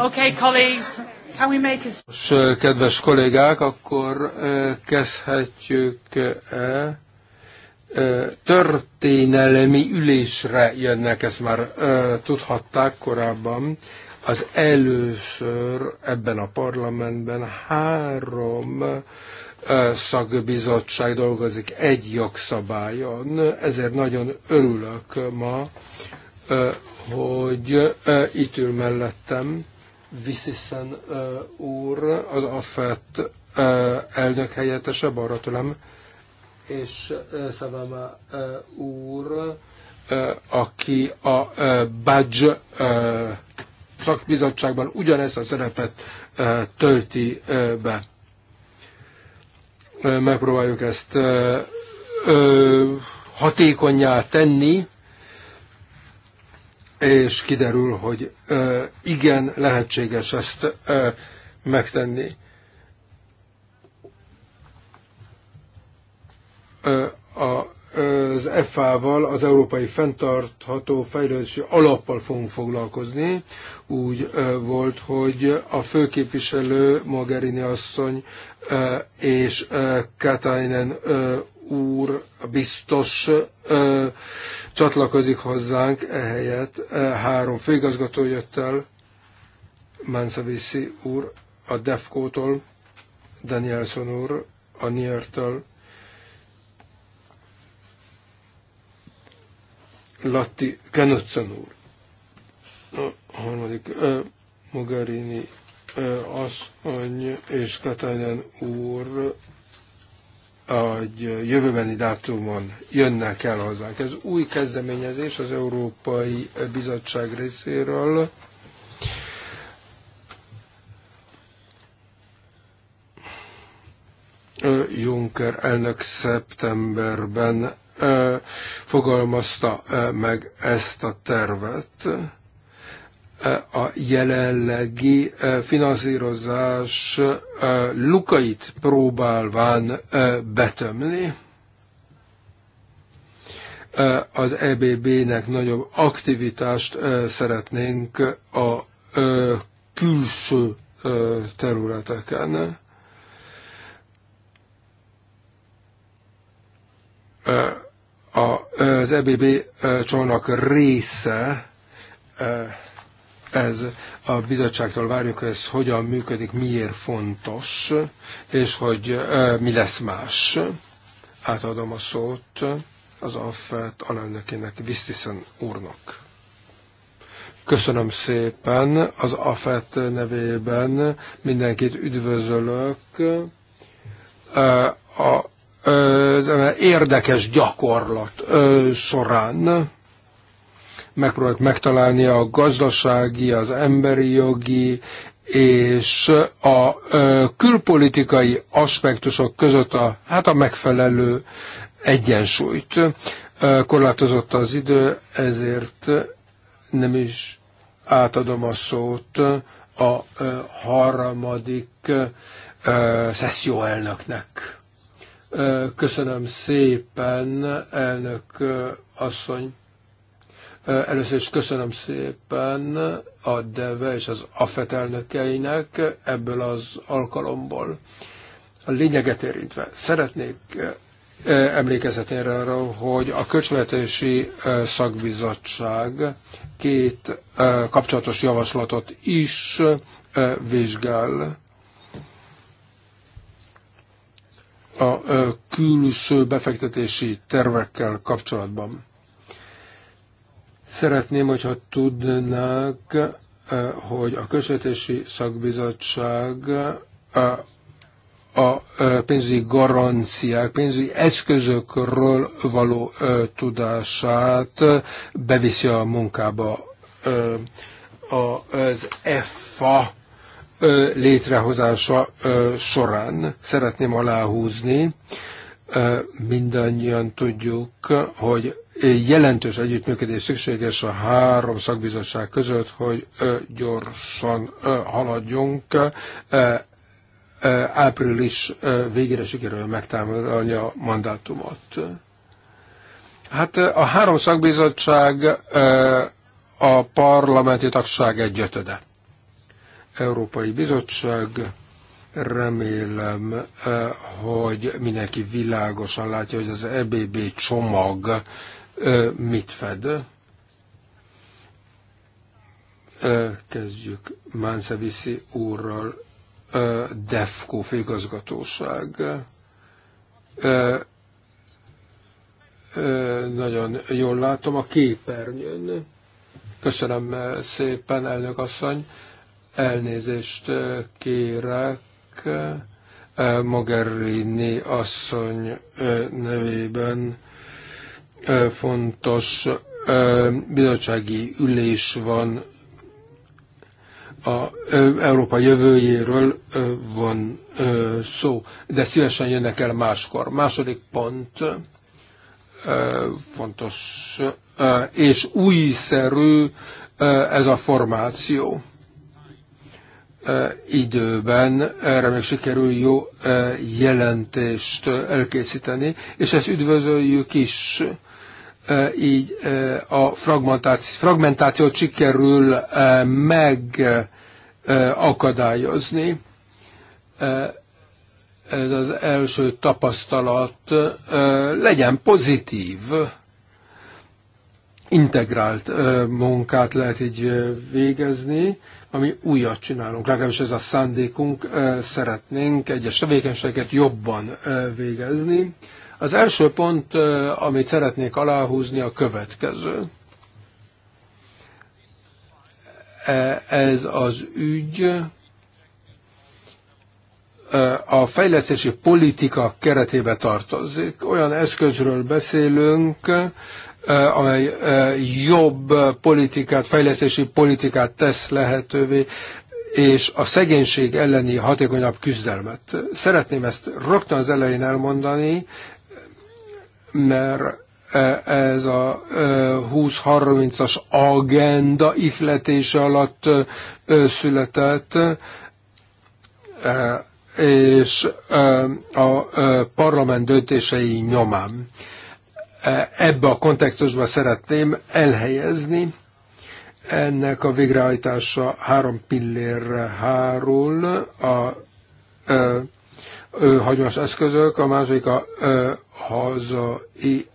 Okay, colleagues. Can we make a... Most, kedves kollégák, akkor kezdhetjük-e? Történelmi ülésre jönnek, ezt már tudhatták korábban. Az először ebben a parlamentben három szakbizottság dolgozik egy jogszabályon, ezért nagyon örülök ma, hogy itt ül mellettem Viszisen úr, az AFET elnök helyettese, balra tőlem, és Szavama úr, aki a Budge szakbizottságban ugyanezt a szerepet tölti be. Megpróbáljuk ezt hatékonyá tenni, és kiderül, hogy igen, lehetséges ezt megtenni. A az FA-val, az Európai Fentartható Fejlődési Alappal fogunk foglalkozni. Úgy volt, hogy a főképviselő Mogherini asszony és Katainen úr biztos ö, csatlakozik hozzánk, ehelyett három főigazgató jött el, Mansaviszi úr a Defco-tól, Danielson úr a NIR-től, Latti Knudsen úr. A harmadik ö, Mogherini ö, asszony és Katainen úr a jövőbeni dátumon jönnek el hozzánk. Ez új kezdeményezés az Európai Bizottság részéről. Juncker elnök szeptemberben fogalmazta meg ezt a tervet a jelenlegi finanszírozás lukait próbálván betömni. Az EBB-nek nagyobb aktivitást szeretnénk a külső területeken. Az EBB csónak része ez a bizottságtól várjuk, hogy ez hogyan működik, miért fontos, és hogy mi lesz más. Átadom a szót az AFET alelnökének, Vistisen úrnak. Köszönöm szépen az AFET nevében. Mindenkit üdvözölök. A, az érdekes gyakorlat során megpróbáljuk megtalálni a gazdasági, az emberi jogi és a külpolitikai aspektusok között a, hát a megfelelő egyensúlyt. Korlátozott az idő, ezért nem is átadom a szót a harmadik szesszió elnöknek. Köszönöm szépen, elnök asszony. Először is köszönöm szépen a DEVE és az AFET elnökeinek ebből az alkalomból. A lényeget érintve szeretnék emlékezetni arra, hogy a Költségvetési Szakbizottság két kapcsolatos javaslatot is vizsgál. a külső befektetési tervekkel kapcsolatban Szeretném, hogyha tudnák, eh, hogy a Közvetési Szakbizottság eh, a eh, pénzügyi garanciák, pénzügyi eszközökről való tudását beviszi a munkába az EFA létrehozása során. Szeretném aláhúzni, mindannyian tudjuk, hogy jelentős együttműködés szükséges a három szakbizottság között, hogy gyorsan haladjunk. Április végére sikerül megtámadni a mandátumot. Hát a három szakbizottság a parlamenti tagság egyötöde. Európai Bizottság, remélem, hogy mindenki világosan látja, hogy az EBB csomag mit fed. Kezdjük Mánceviszi úrral, DEFCO főigazgatóság nagyon jól látom a képernyőn. Köszönöm szépen, elnök asszony. Elnézést kérek Mogherini asszony nevében fontos bizottsági ülés van a Európa jövőjéről van szó, de szívesen jönnek el máskor. Második pont fontos és újszerű ez a formáció időben erre még sikerül jó jelentést elkészíteni, és ezt üdvözöljük is így a fragmentáció, fragmentációt sikerül megakadályozni. Ez az első tapasztalat legyen pozitív, integrált munkát lehet így végezni, ami újat csinálunk, legalábbis ez a szándékunk, szeretnénk egyes tevékenységeket jobban végezni az első pont, amit szeretnék aláhúzni, a következő. E, ez az ügy a fejlesztési politika keretébe tartozik. Olyan eszközről beszélünk, amely jobb politikát, fejlesztési politikát tesz lehetővé, és a szegénység elleni hatékonyabb küzdelmet. Szeretném ezt rögtön az elején elmondani, mert e, ez a 20-30-as e, agenda ihletése alatt e, született, és a parlament döntései nyomán. Ebbe a kontextusba szeretném elhelyezni, ennek a végrehajtása három pillérre hárul, a, a hagyományos eszközök, a második a hazai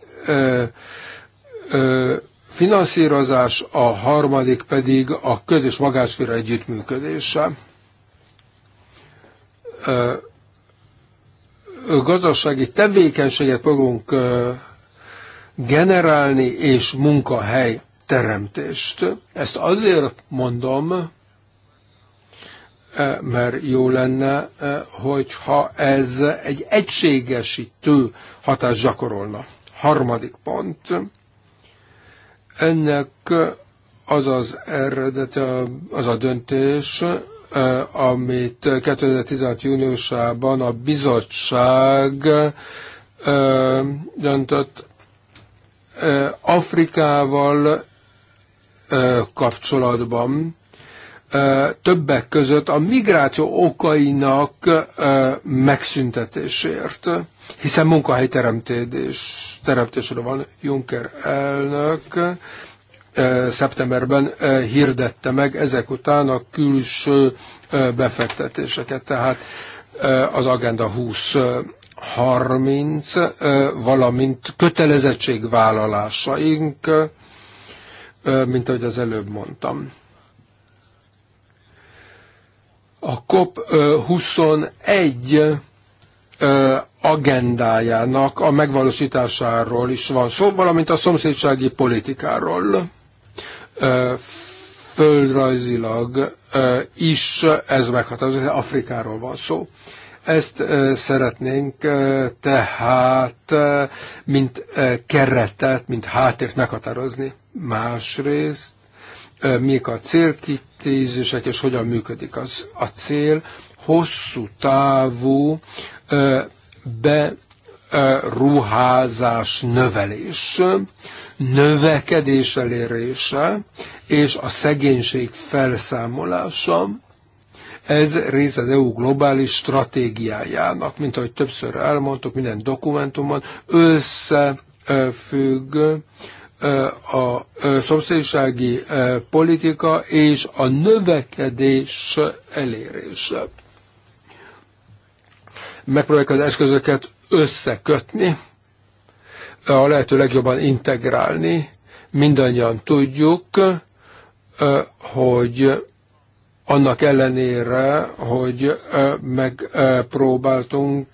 finanszírozás, a harmadik pedig a köz- és magásféra együttműködése. Gazdasági tevékenységet fogunk generálni, és munkahely teremtést. Ezt azért mondom, Eh, mert jó lenne, eh, hogyha ez egy egységesítő hatást gyakorolna. Harmadik pont. Ennek eh, az az eredete, az a döntés, amit 2016. júniusában a bizottság döntött Afrikával kapcsolatban többek között a migráció okainak megszüntetésért, hiszen munkahelyteremtés teremtésre van Juncker elnök, szeptemberben hirdette meg ezek után a külső befektetéseket, tehát az Agenda 20 30, valamint kötelezettségvállalásaink, mint ahogy az előbb mondtam. A COP21 agendájának a megvalósításáról is van szó, valamint a szomszédsági politikáról. Földrajzilag is ez meghatározó, Afrikáról van szó. Ezt szeretnénk tehát, mint keretet, mint háttért meghatározni. Másrészt, mik a célkit, tézisek, és hogyan működik az. A cél hosszú távú be ruházás növelés, növekedés elérése és a szegénység felszámolása, ez rész az EU globális stratégiájának, mint ahogy többször elmondtuk minden dokumentumban, összefügg a szomszédsági politika és a növekedés elérése. Megpróbáljuk az eszközöket összekötni, a lehető legjobban integrálni. Mindannyian tudjuk, hogy annak ellenére, hogy megpróbáltunk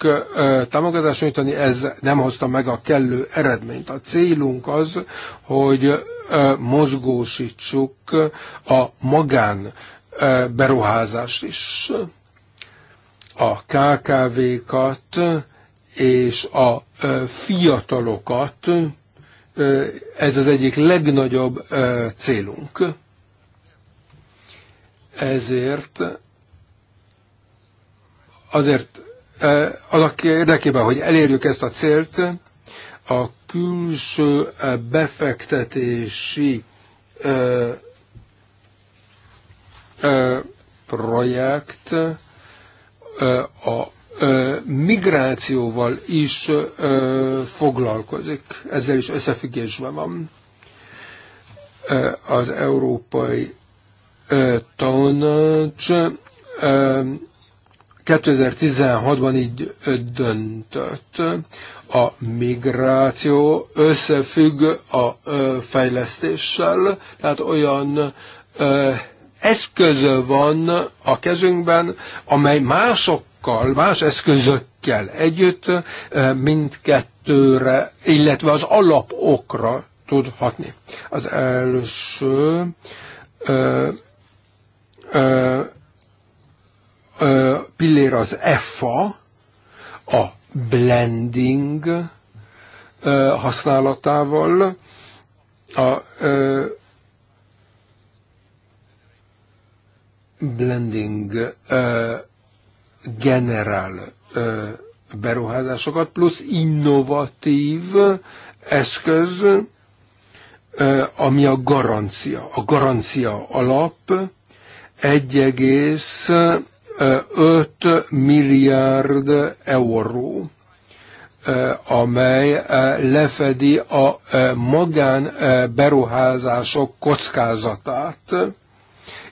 támogatást nyújtani, ez nem hozta meg a kellő eredményt. A célunk az, hogy mozgósítsuk a magán beruházást is. A KKV-kat és a fiatalokat, ez az egyik legnagyobb célunk. Ezért azért e, a érdekében, hogy elérjük ezt a célt, a külső befektetési e, e, projekt a migrációval is foglalkozik, ezzel is összefüggésben van az európai tanács 2016-ban így döntött. A migráció összefügg a fejlesztéssel, tehát olyan eszközö van a kezünkben, amely másokkal, más eszközökkel együtt mindkettőre, illetve az alapokra tud hatni. Az első pillér az EFA, a blending használatával, a blending generál beruházásokat, plusz innovatív eszköz, ami a garancia. A garancia alap 1,5 milliárd euró amely lefedi a magán beruházások kockázatát.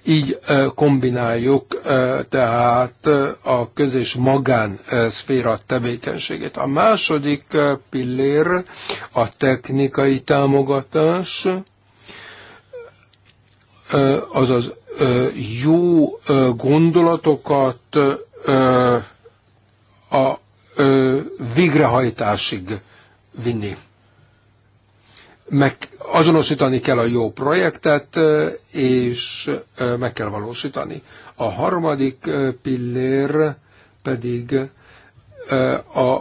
Így kombináljuk tehát a köz- és magán szféra tevékenységét. A második pillér a technikai támogatás, azaz jó gondolatokat a végrehajtásig vinni. Meg azonosítani kell a jó projektet, és meg kell valósítani. A harmadik pillér pedig a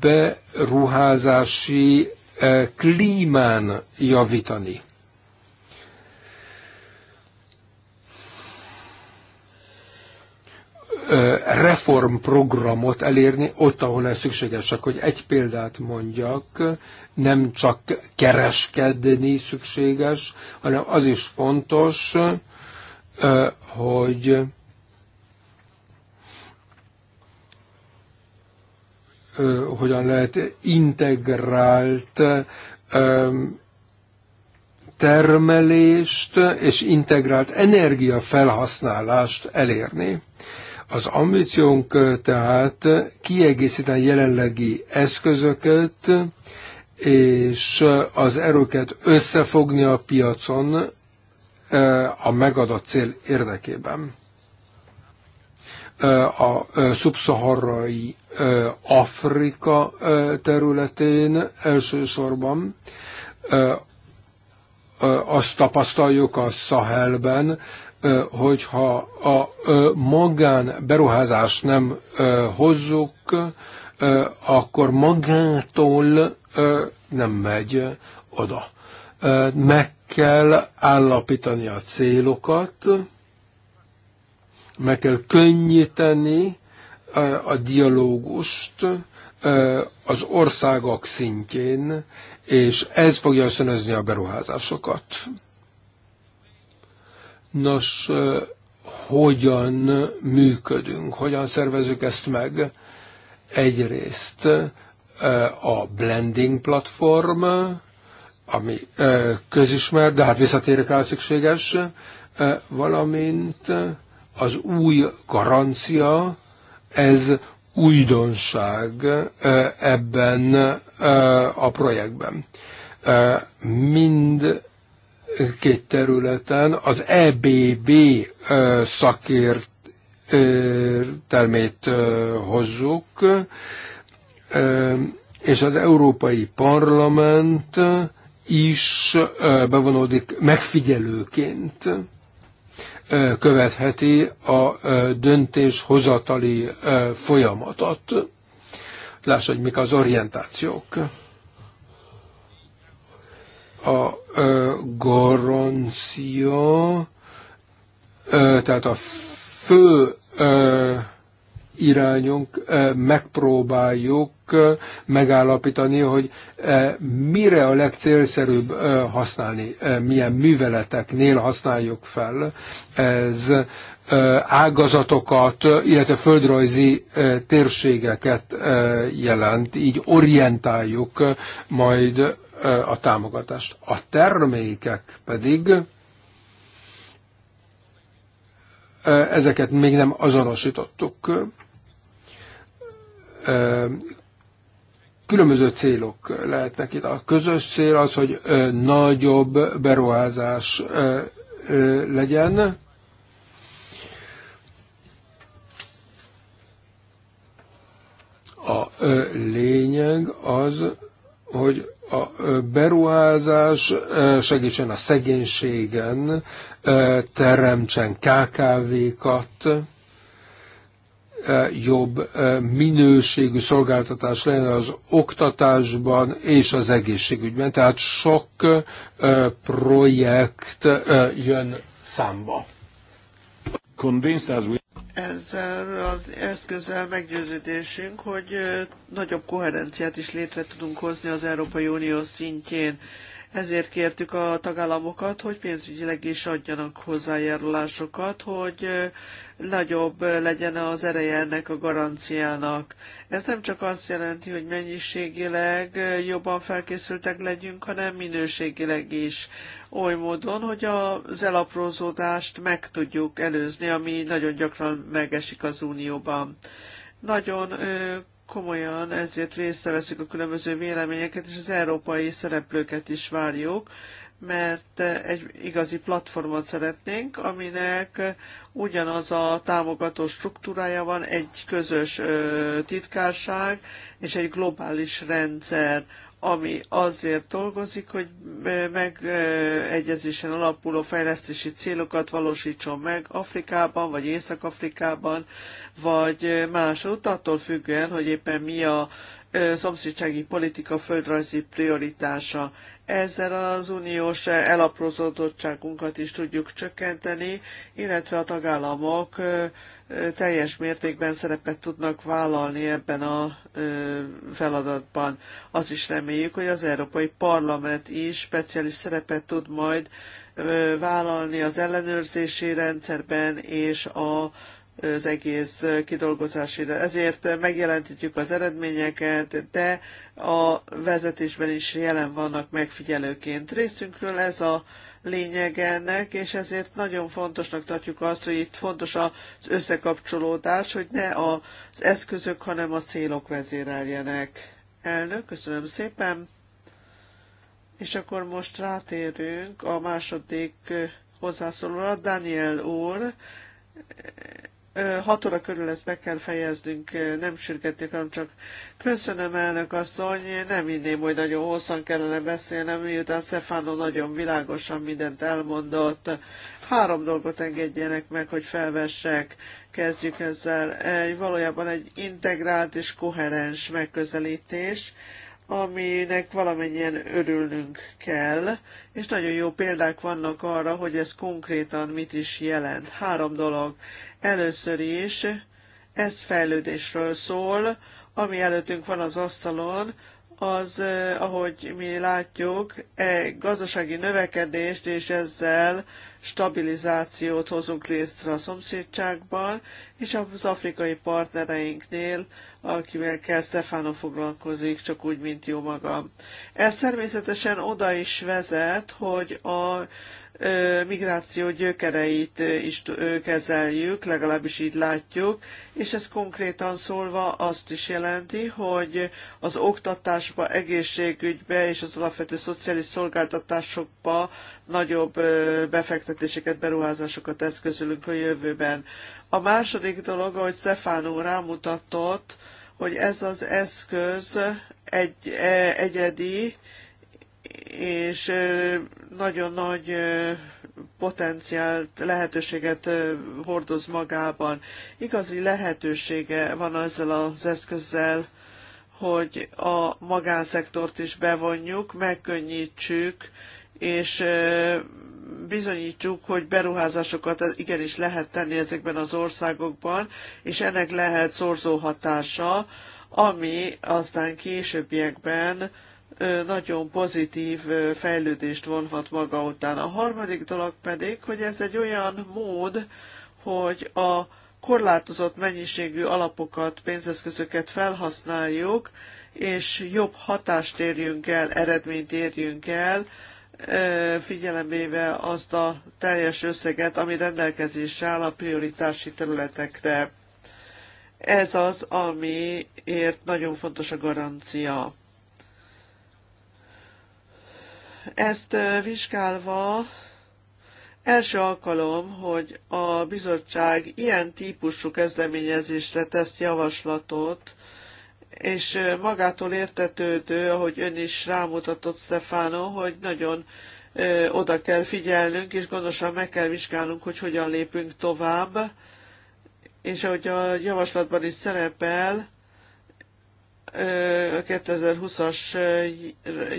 beruházási klímán javítani. reformprogramot elérni ott, ahol ez szükséges. Csak hogy egy példát mondjak, nem csak kereskedni szükséges, hanem az is fontos, hogy hogyan lehet integrált termelést és integrált energiafelhasználást elérni. Az ambíciónk tehát kiegészíteni jelenlegi eszközöket, és az erőket összefogni a piacon a megadott cél érdekében. A szubszaharai Afrika területén elsősorban azt tapasztaljuk a Szahelben, hogyha a magán beruházást nem hozzuk, akkor magától nem megy oda. Meg kell állapítani a célokat, meg kell könnyíteni a dialógust az országok szintjén, és ez fogja ösztönözni a beruházásokat. Nos, hogyan működünk, hogyan szervezünk ezt meg? Egyrészt a blending platform, ami közismert, de hát visszatérek rá szükséges, valamint az új garancia, ez újdonság ebben a projektben. Mind két területen az EBB szakért termét hozzuk, és az Európai Parlament is bevonódik megfigyelőként követheti a döntéshozatali folyamatot. Láss, hogy mik az orientációk. A garancia, tehát a fő irányunk, megpróbáljuk megállapítani, hogy mire a legcélszerűbb használni, milyen műveleteknél használjuk fel. Ez ágazatokat, illetve földrajzi térségeket jelent, így orientáljuk majd a támogatást. A termékek pedig ezeket még nem azonosítottuk. Különböző célok lehetnek itt. A közös cél az, hogy nagyobb beruházás legyen, A lényeg az, hogy a beruházás segítsen a szegénységen, teremtsen KKV-kat, jobb minőségű szolgáltatás legyen az oktatásban és az egészségügyben. Tehát sok projekt jön számba ezzel az eszközzel meggyőződésünk, hogy nagyobb koherenciát is létre tudunk hozni az Európai Unió szintjén. Ezért kértük a tagállamokat, hogy pénzügyileg is adjanak hozzájárulásokat, hogy eh, nagyobb legyen az ereje ennek a garanciának. Ez nem csak azt jelenti, hogy mennyiségileg eh, jobban felkészültek legyünk, hanem minőségileg is. Oly módon, hogy az elaprózódást meg tudjuk előzni, ami nagyon gyakran megesik az Unióban. Nagyon eh, komolyan, ezért részreveszik a különböző véleményeket, és az európai szereplőket is várjuk, mert egy igazi platformot szeretnénk, aminek ugyanaz a támogató struktúrája van, egy közös titkárság és egy globális rendszer, ami azért dolgozik, hogy megegyezésen alapuló fejlesztési célokat valósítson meg Afrikában, vagy Észak-Afrikában, vagy más attól függően, hogy éppen mi a szomszédsági politika földrajzi prioritása. Ezzel az uniós elaprózódottságunkat is tudjuk csökkenteni, illetve a tagállamok teljes mértékben szerepet tudnak vállalni ebben a feladatban. Azt is reméljük, hogy az Európai Parlament is speciális szerepet tud majd vállalni az ellenőrzési rendszerben és a az egész kidolgozásére. Ezért megjelentítjük az eredményeket, de a vezetésben is jelen vannak megfigyelőként. Részünkről ez a lényege ennek, és ezért nagyon fontosnak tartjuk azt, hogy itt fontos az összekapcsolódás, hogy ne az eszközök, hanem a célok vezéreljenek. Elnök, köszönöm szépen. És akkor most rátérünk a második hozzászólóra, Daniel úr 6 óra körül ezt be kell fejeznünk, nem sürgették, hanem csak köszönöm elnök asszony, nem inném, hogy nagyon hosszan kellene beszélnem, miután Stefano nagyon világosan mindent elmondott. Három dolgot engedjenek meg, hogy felvessek. Kezdjük ezzel. Egy, valójában egy integrált és koherens megközelítés aminek valamennyien örülnünk kell, és nagyon jó példák vannak arra, hogy ez konkrétan mit is jelent. Három dolog. Először is ez fejlődésről szól, ami előttünk van az asztalon, az, eh, ahogy mi látjuk, egy gazdasági növekedést, és ezzel stabilizációt hozunk létre a szomszédságban, és az afrikai partnereinknél, akivel Stefano foglalkozik, csak úgy, mint jó magam. Ez természetesen oda is vezet, hogy a migráció gyökereit is kezeljük, legalábbis így látjuk, és ez konkrétan szólva azt is jelenti, hogy az oktatásba, egészségügybe és az alapvető szociális szolgáltatásokba nagyobb befektetéseket, beruházásokat eszközölünk a jövőben. A második dolog, ahogy Stefánó rámutatott, hogy ez az eszköz egy, e, egyedi, és nagyon nagy potenciált, lehetőséget hordoz magában. Igazi lehetősége van ezzel az eszközzel, hogy a magánszektort is bevonjuk, megkönnyítsük, és bizonyítsuk, hogy beruházásokat igenis lehet tenni ezekben az országokban, és ennek lehet szorzó hatása, ami aztán későbbiekben nagyon pozitív fejlődést vonhat maga után. A harmadik dolog pedig, hogy ez egy olyan mód, hogy a korlátozott mennyiségű alapokat, pénzeszközöket felhasználjuk, és jobb hatást érjünk el, eredményt érjünk el, figyelembe azt a teljes összeget, ami rendelkezésre áll a prioritási területekre. Ez az, amiért nagyon fontos a garancia. Ezt vizsgálva első alkalom, hogy a bizottság ilyen típusú kezdeményezésre tesz javaslatot, és magától értetődő, ahogy ön is rámutatott, Stefano, hogy nagyon oda kell figyelnünk, és gondosan meg kell vizsgálnunk, hogy hogyan lépünk tovább. És ahogy a javaslatban is szerepel, 2020-as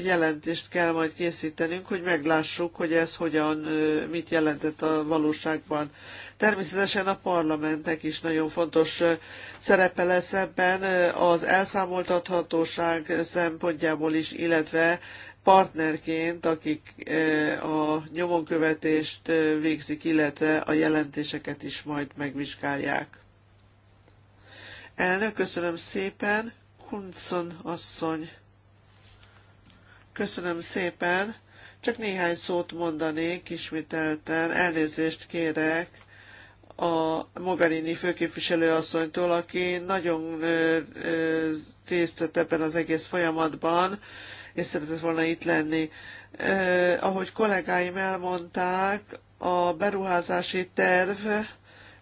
jelentést kell majd készítenünk, hogy meglássuk, hogy ez hogyan, mit jelentett a valóságban. Természetesen a parlamentnek is nagyon fontos szerepe lesz ebben az elszámoltathatóság szempontjából is, illetve partnerként, akik a nyomonkövetést végzik, illetve a jelentéseket is majd megvizsgálják. Elnök, köszönöm szépen! Kunzon asszony. Köszönöm szépen. Csak néhány szót mondanék ismételten. Elnézést kérek a Mogherini főképviselőasszonytól, aki nagyon részt vett ebben az egész folyamatban, és szeretett volna itt lenni. Ahogy kollégáim elmondták, a beruházási terv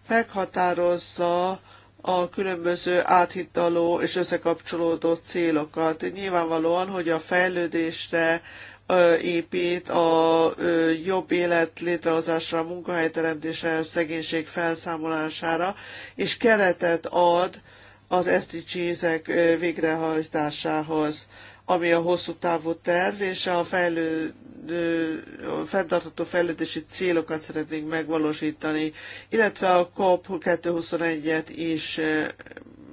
meghatározza a különböző áthidaló és összekapcsolódó célokat. Nyilvánvalóan, hogy a fejlődésre épít a jobb élet létrehozásra, a munkahelyteremtésre, a szegénység felszámolására, és keretet ad az eszti csízek végrehajtásához, ami a hosszú távú terv, és a fejlő, fenntartható fejlődési célokat szeretnénk megvalósítani, illetve a COP 221-et is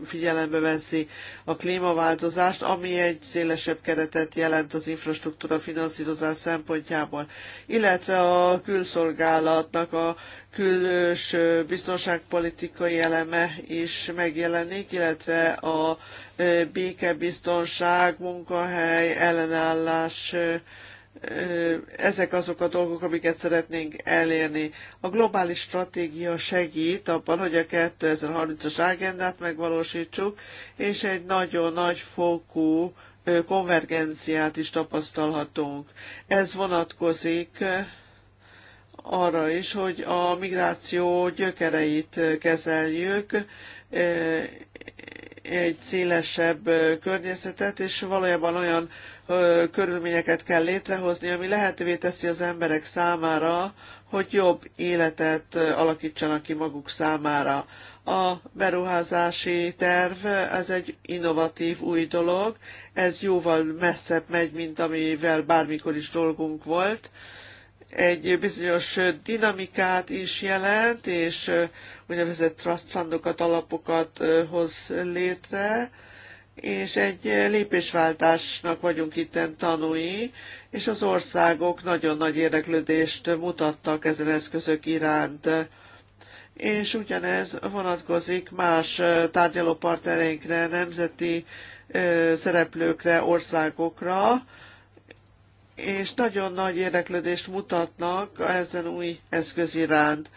figyelembe veszi a klímaváltozást, ami egy szélesebb keretet jelent az infrastruktúra finanszírozás szempontjából, illetve a külszolgálatnak a külös biztonságpolitikai eleme is megjelenik, illetve a békebiztonság, munkahely, ellenállás ezek azok a dolgok, amiket szeretnénk elérni. A globális stratégia segít abban, hogy a 2030-as agendát megvalósítsuk, és egy nagyon nagy fokú konvergenciát is tapasztalhatunk. Ez vonatkozik arra is, hogy a migráció gyökereit kezeljük, egy szélesebb környezetet, és valójában olyan körülményeket kell létrehozni, ami lehetővé teszi az emberek számára, hogy jobb életet alakítsanak ki maguk számára. A beruházási terv, ez egy innovatív új dolog, ez jóval messzebb megy, mint amivel bármikor is dolgunk volt. Egy bizonyos dinamikát is jelent, és úgynevezett trust fundokat, alapokat hoz létre, és egy lépésváltásnak vagyunk itt tanúi, és az országok nagyon nagy érdeklődést mutattak ezen eszközök iránt. És ugyanez vonatkozik más tárgyalópartnereinkre, nemzeti szereplőkre, országokra, és nagyon nagy érdeklődést mutatnak ezen új eszköz iránt.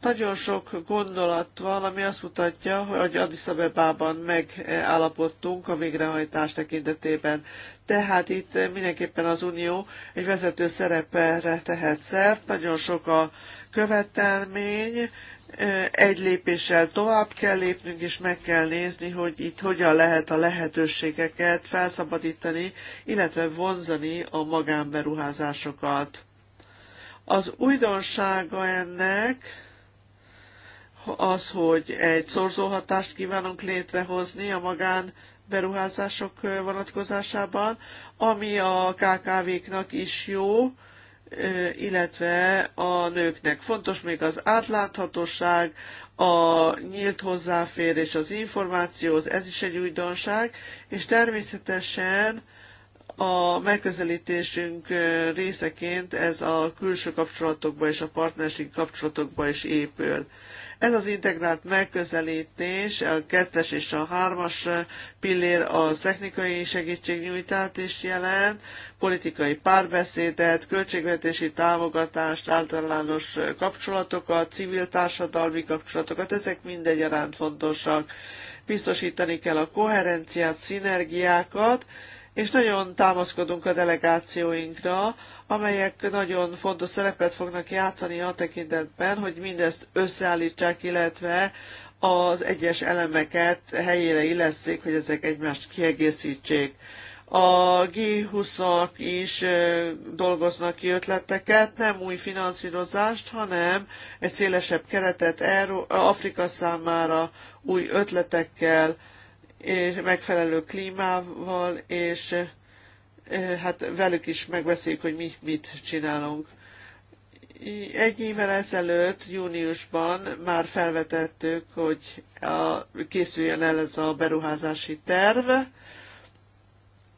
Nagyon sok gondolat van, ami azt mutatja, hogy Addis Abebában megállapodtunk a végrehajtás tekintetében. Tehát itt mindenképpen az Unió egy vezető szerepre tehet szert, nagyon sok a követelmény, egy lépéssel tovább kell lépnünk, és meg kell nézni, hogy itt hogyan lehet a lehetőségeket felszabadítani, illetve vonzani a magánberuházásokat. Az újdonsága ennek, az, hogy egy szorzóhatást kívánunk létrehozni a magán beruházások vonatkozásában, ami a KKV-knak is jó, illetve a nőknek. Fontos még az átláthatóság, a nyílt hozzáférés az információhoz, ez is egy újdonság, és természetesen a megközelítésünk részeként ez a külső kapcsolatokba és a partnerségi kapcsolatokba is épül. Ez az integrált megközelítés, a kettes és a hármas pillér az technikai segítségnyújtást is jelent, politikai párbeszédet, költségvetési támogatást, általános kapcsolatokat, civil társadalmi kapcsolatokat, ezek egyaránt fontosak. Biztosítani kell a koherenciát, szinergiákat, és nagyon támaszkodunk a delegációinkra, amelyek nagyon fontos szerepet fognak játszani a tekintetben, hogy mindezt összeállítsák, illetve az egyes elemeket helyére illeszik, hogy ezek egymást kiegészítsék. A G20-ak is dolgoznak ki ötleteket, nem új finanszírozást, hanem egy szélesebb keretet Afrika számára új ötletekkel, és megfelelő klímával, és Eh, hát velük is megbeszéljük, hogy mi mit csinálunk. Egy évvel ezelőtt, júniusban már felvetettük, hogy a, készüljön el ez a beruházási terv,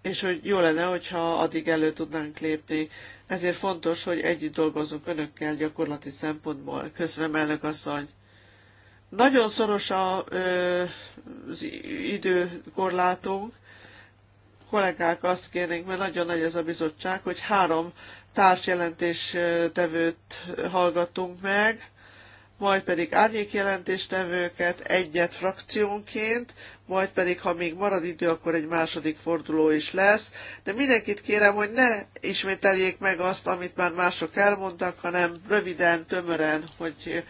és hogy jó lenne, hogyha addig elő tudnánk lépni. Ezért fontos, hogy együtt dolgozunk önökkel gyakorlati szempontból. Köszönöm, elnök asszony! Nagyon szoros a, az időkorlátunk, kollégák azt kérnénk, mert nagyon nagy ez a bizottság, hogy három társjelentéstevőt hallgatunk meg, majd pedig árnyékjelentéstevőket, egyet frakciónként, majd pedig, ha még marad idő, akkor egy második forduló is lesz. De mindenkit kérem, hogy ne ismételjék meg azt, amit már mások elmondtak, hanem röviden, tömören, hogy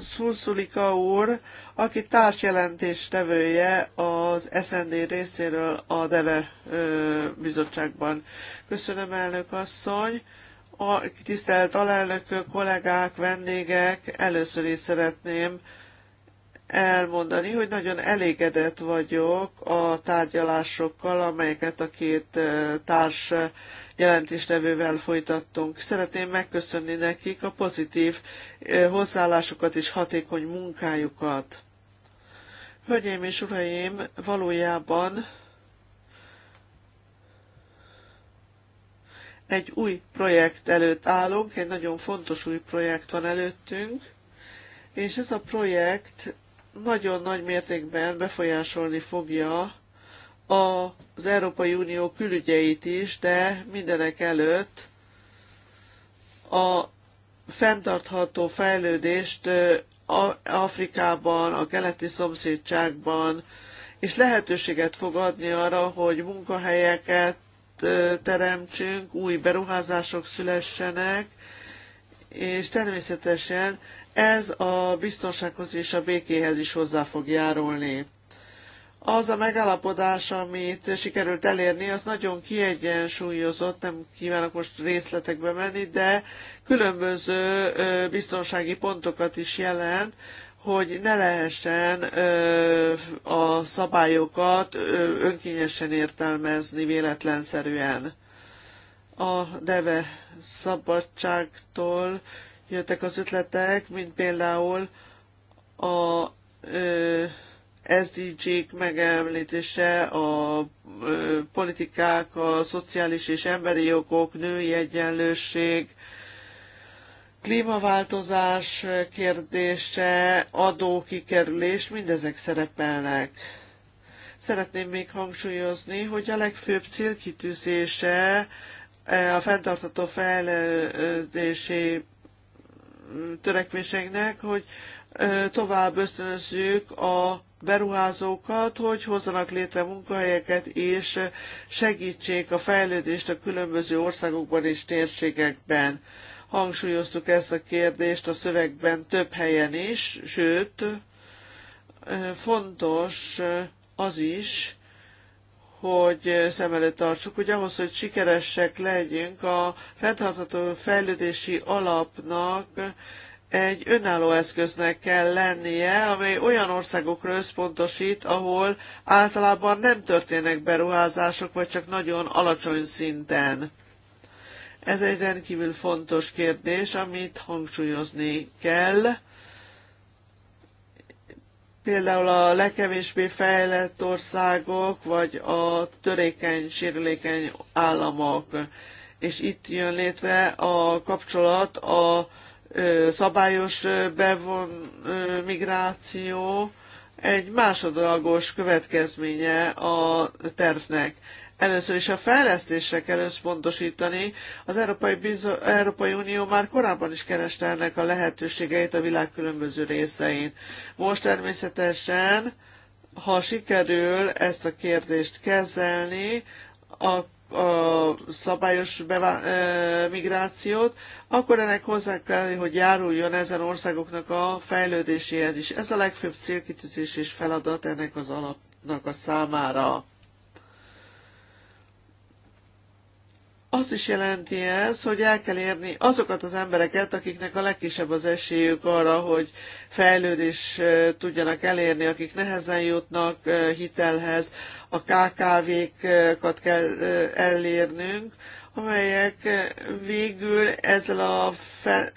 Szunszulika úr, aki társjelentéstevője az SND részéről a DEVE bizottságban. Köszönöm, elnök asszony! A tisztelt alelnökök, kollégák, vendégek, először is szeretném elmondani, hogy nagyon elégedett vagyok a tárgyalásokkal, amelyeket a két társ jelentéstevővel folytattunk. Szeretném megköszönni nekik a pozitív hozzáállásukat és hatékony munkájukat. Hölgyeim és uraim, valójában egy új projekt előtt állunk, egy nagyon fontos új projekt van előttünk, és ez a projekt nagyon nagy mértékben befolyásolni fogja az Európai Unió külügyeit is, de mindenek előtt a fenntartható fejlődést Afrikában, a keleti szomszédságban, és lehetőséget fog adni arra, hogy munkahelyeket teremtsünk, új beruházások szülessenek, és természetesen ez a biztonsághoz és a békéhez is hozzá fog járulni az a megállapodás, amit sikerült elérni, az nagyon kiegyensúlyozott, nem kívánok most részletekbe menni, de különböző biztonsági pontokat is jelent, hogy ne lehessen a szabályokat önkényesen értelmezni véletlenszerűen. A deve szabadságtól jöttek az ötletek, mint például a SDG-k megemlítése, a politikák, a szociális és emberi jogok, női egyenlőség, klímaváltozás kérdése, adókikerülés, mindezek szerepelnek. Szeretném még hangsúlyozni, hogy a legfőbb célkitűzése e, a fenntartható fejlődési törekvéseknek, hogy tovább ösztönözzük a beruházókat, hogy hozzanak létre munkahelyeket, és segítsék a fejlődést a különböző országokban és térségekben. Hangsúlyoztuk ezt a kérdést a szövegben több helyen is, sőt, fontos az is, hogy szem előtt tartsuk, hogy ahhoz, hogy sikeresek legyünk, a fenntartható fejlődési alapnak egy önálló eszköznek kell lennie, amely olyan országokra összpontosít, ahol általában nem történnek beruházások, vagy csak nagyon alacsony szinten. Ez egy rendkívül fontos kérdés, amit hangsúlyozni kell. Például a legkevésbé fejlett országok, vagy a törékeny, sérülékeny államok. És itt jön létre a kapcsolat a szabályos bevon migráció egy másodlagos következménye a tervnek. Először is a fejlesztésre kell összpontosítani. Az Európai, Bizo- Európai Unió már korábban is kereste ennek a lehetőségeit a világ különböző részein. Most természetesen, ha sikerül ezt a kérdést kezelni, akkor a szabályos bevá- migrációt, akkor ennek hozzá kell, hogy járuljon ezen országoknak a fejlődéséhez is. Ez a legfőbb célkitűzés és feladat ennek az alapnak a számára. Azt is jelenti ez, hogy el kell érni azokat az embereket, akiknek a legkisebb az esélyük arra, hogy fejlődés tudjanak elérni, akik nehezen jutnak hitelhez, a KKV-kat kell elérnünk, amelyek végül ezzel a fe,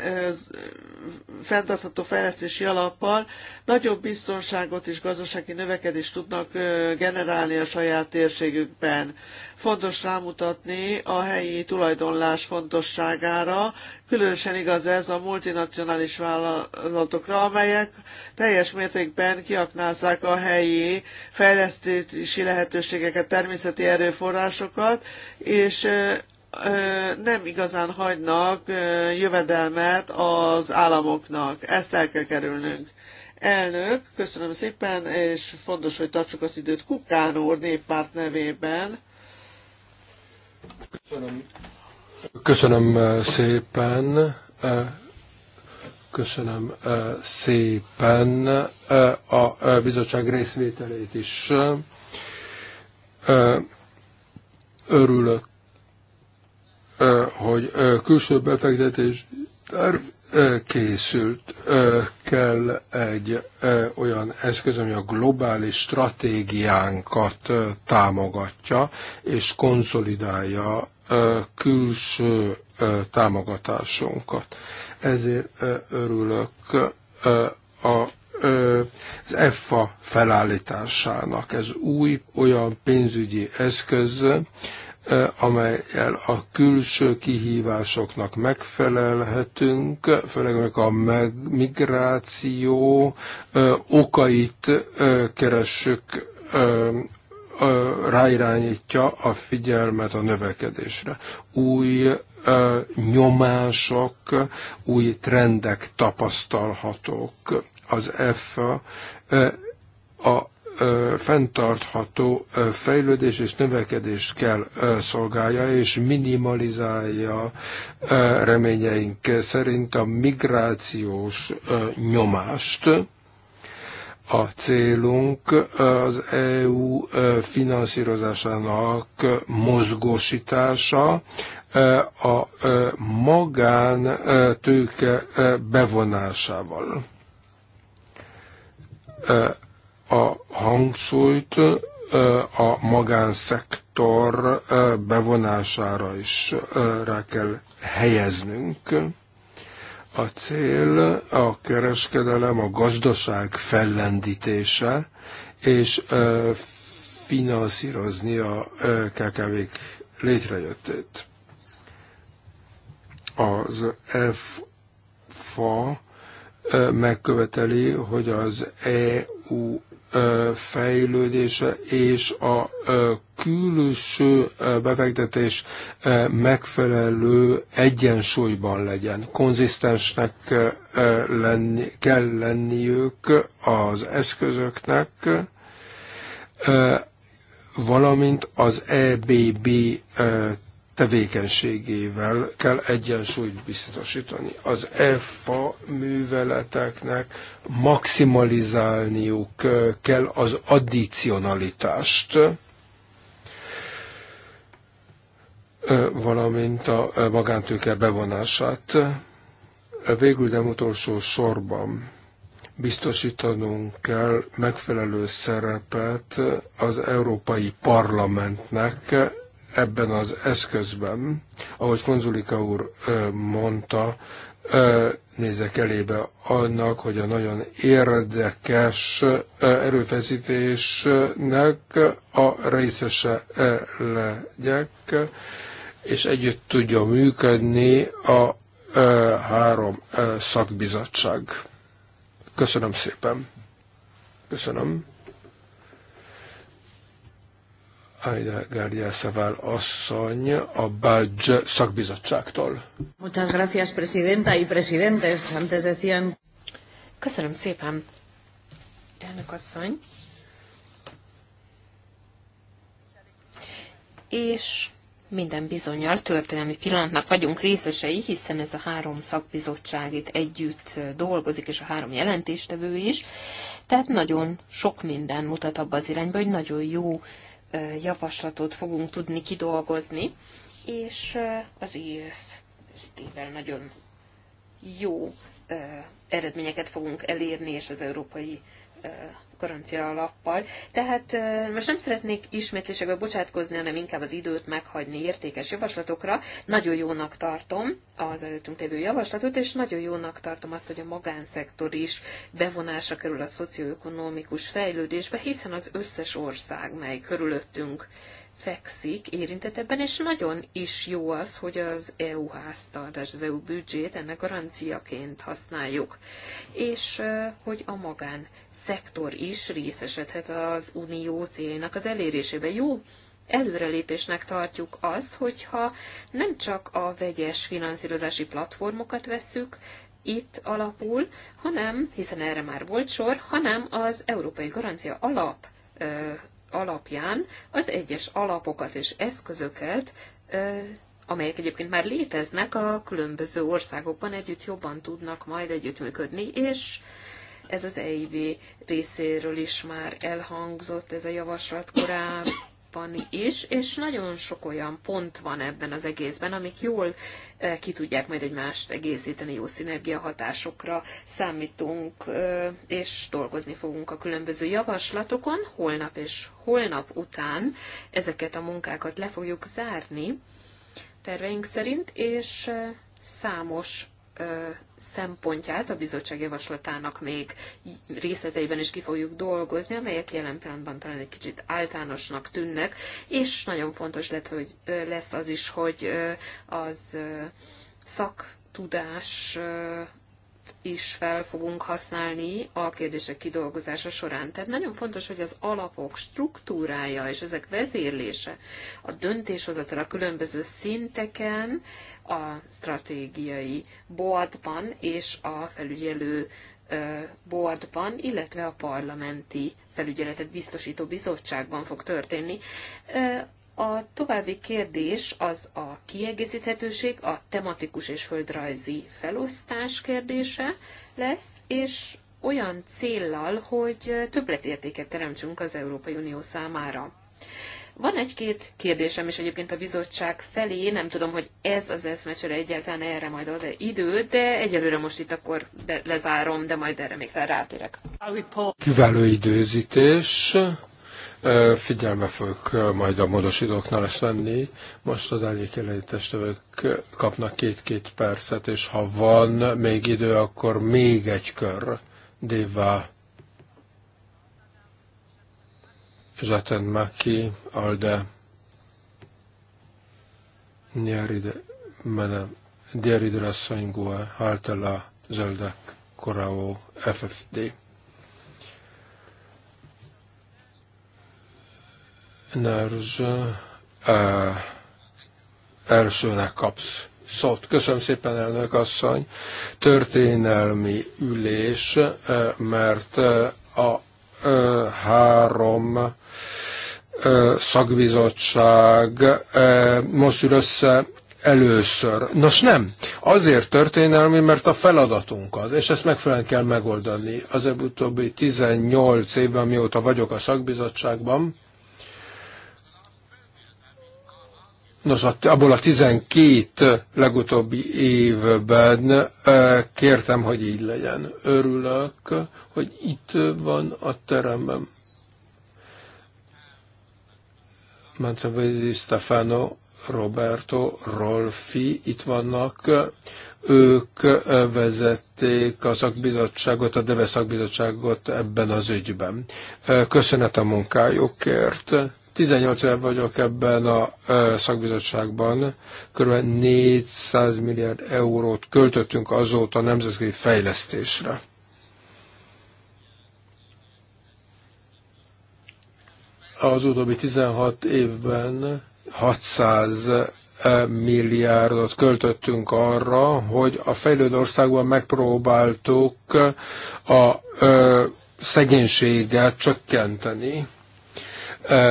fenntartható fejlesztési alappal nagyobb biztonságot és gazdasági növekedést tudnak generálni a saját térségükben. Fontos rámutatni a helyi tulajdonlás fontosságára, különösen igaz ez a multinacionális vállalatokra, amelyek teljes mértékben kiaknázzák a helyi fejlesztési lehetőségeket, természeti erőforrásokat, és nem igazán hagynak jövedelmet az államoknak. Ezt el kell kerülnünk. Elnök, köszönöm szépen, és fontos, hogy tartsuk az időt Kukán úr néppárt nevében. Köszönöm. Köszönöm szépen. Köszönöm szépen a bizottság részvételét is. Örülök hogy külső befektetés készült, kell egy olyan eszköz, ami a globális stratégiánkat támogatja és konszolidálja külső támogatásunkat. Ezért örülök a az EFA felállításának. Ez új olyan pénzügyi eszköz, amelyel a külső kihívásoknak megfelelhetünk, főleg amikor a migráció okait keressük, ráirányítja a figyelmet a növekedésre. Új nyomások, új trendek tapasztalhatók. Az F a fenntartható fejlődés és növekedés kell szolgálja, és minimalizálja reményeink szerint a migrációs nyomást. A célunk az EU finanszírozásának mozgósítása, a magán tőke bevonásával a hangsúlyt a magánszektor bevonására is rá kell helyeznünk. A cél a kereskedelem, a gazdaság fellendítése, és finanszírozni a kkv létrejöttét. Az FFA megköveteli, hogy az EU fejlődése és a külső befektetés megfelelő egyensúlyban legyen. Konzisztensnek lenni, kell lenniük az eszközöknek, valamint az EBB tevékenységével kell egyensúlyt biztosítani. Az EFA műveleteknek maximalizálniuk kell az addicionalitást, valamint a magántőke bevonását. Végül nem utolsó sorban biztosítanunk kell megfelelő szerepet az Európai Parlamentnek ebben az eszközben, ahogy Konzulika úr mondta, nézek elébe annak, hogy a nagyon érdekes erőfeszítésnek a részese legyek, és együtt tudja működni a három szakbizottság. Köszönöm szépen. Köszönöm. Aida Gárdia Szavál asszony a Budge szakbizottságtól. Muchas gracias, presidenta y presidentes. Antes decían... Köszönöm szépen, elnök asszony. És minden bizonyal történelmi pillanatnak vagyunk részesei, hiszen ez a három szakbizottság itt együtt dolgozik, és a három jelentéstevő is. Tehát nagyon sok minden mutat abba az irányba, hogy nagyon jó javaslatot fogunk tudni kidolgozni, és az év évvel nagyon jó eredményeket fogunk elérni, és az európai garancia alappal. Tehát most nem szeretnék ismétlésekbe bocsátkozni, hanem inkább az időt meghagyni értékes javaslatokra. Nagyon jónak tartom az előttünk tévő javaslatot, és nagyon jónak tartom azt, hogy a magánszektor is bevonásra kerül a szocioekonomikus fejlődésbe, hiszen az összes ország, mely körülöttünk fekszik érintett ebben, és nagyon is jó az, hogy az EU háztartás, az EU büdzsét ennek garanciaként használjuk, és hogy a magán szektor is részesedhet az unió céljainak az elérésébe. Jó előrelépésnek tartjuk azt, hogyha nem csak a vegyes finanszírozási platformokat veszük itt alapul, hanem, hiszen erre már volt sor, hanem az Európai Garancia Alap alapján az egyes alapokat és eszközöket amelyek egyébként már léteznek, a különböző országokban együtt jobban tudnak majd együttműködni, és ez az EIB részéről is már elhangzott ez a javaslat korábban, Európában is, és nagyon sok olyan pont van ebben az egészben, amik jól eh, ki tudják majd egymást egészíteni, jó szinergia hatásokra számítunk, eh, és dolgozni fogunk a különböző javaslatokon. Holnap és holnap után ezeket a munkákat le fogjuk zárni terveink szerint, és eh, számos szempontját a bizottság javaslatának még részleteiben is ki fogjuk dolgozni, amelyek jelen pillanatban talán egy kicsit általánosnak tűnnek, és nagyon fontos lett, hogy lesz az is, hogy az szaktudás is fel fogunk használni a kérdések kidolgozása során. Tehát nagyon fontos, hogy az alapok struktúrája és ezek vezérlése a döntéshozatal a különböző szinteken, a stratégiai boardban és a felügyelő boardban, illetve a parlamenti felügyeletet biztosító bizottságban fog történni. A további kérdés az a kiegészíthetőség, a tematikus és földrajzi felosztás kérdése lesz, és olyan céllal, hogy többletértéket teremtsünk az Európai Unió számára. Van egy-két kérdésem is egyébként a bizottság felé, nem tudom, hogy ez az eszmecsere egyáltalán erre majd az idő, de egyelőre most itt akkor lezárom, de majd erre még rátérek. Kiváló időzítés, Figyelme fogok majd a módosítóknál ezt venni. Most az elégjelenítestevők kapnak két-két percet, és ha van még idő, akkor még egy kör. Diva Zsaten Maki, Alde, Nyeride, Menem, Dieridre Szanygua, Haltala Zöldek, Koraó, FFD. Nerzsa, elsőnek kapsz szót. Köszönöm szépen, elnök asszony. Történelmi ülés, mert a három szakbizottság most jön össze először. Nos nem, azért történelmi, mert a feladatunk az, és ezt megfelelően kell megoldani. Az utóbbi 18 évben, mióta vagyok a szakbizottságban, Nos, abból a 12 legutóbbi évben eh, kértem, hogy így legyen. Örülök, hogy itt van a teremben. Manzavezi Stefano, Roberto, Rolfi itt vannak. Ők eh, vezették a szakbizottságot, a Deve szakbizottságot ebben az ügyben. Eh, köszönet a munkájukért 18 éve vagyok ebben a szakbizottságban, kb. 400 milliárd eurót költöttünk azóta nemzetközi fejlesztésre. Az utóbbi 16 évben 600 milliárdot költöttünk arra, hogy a fejlődő országban megpróbáltuk a szegénységet csökkenteni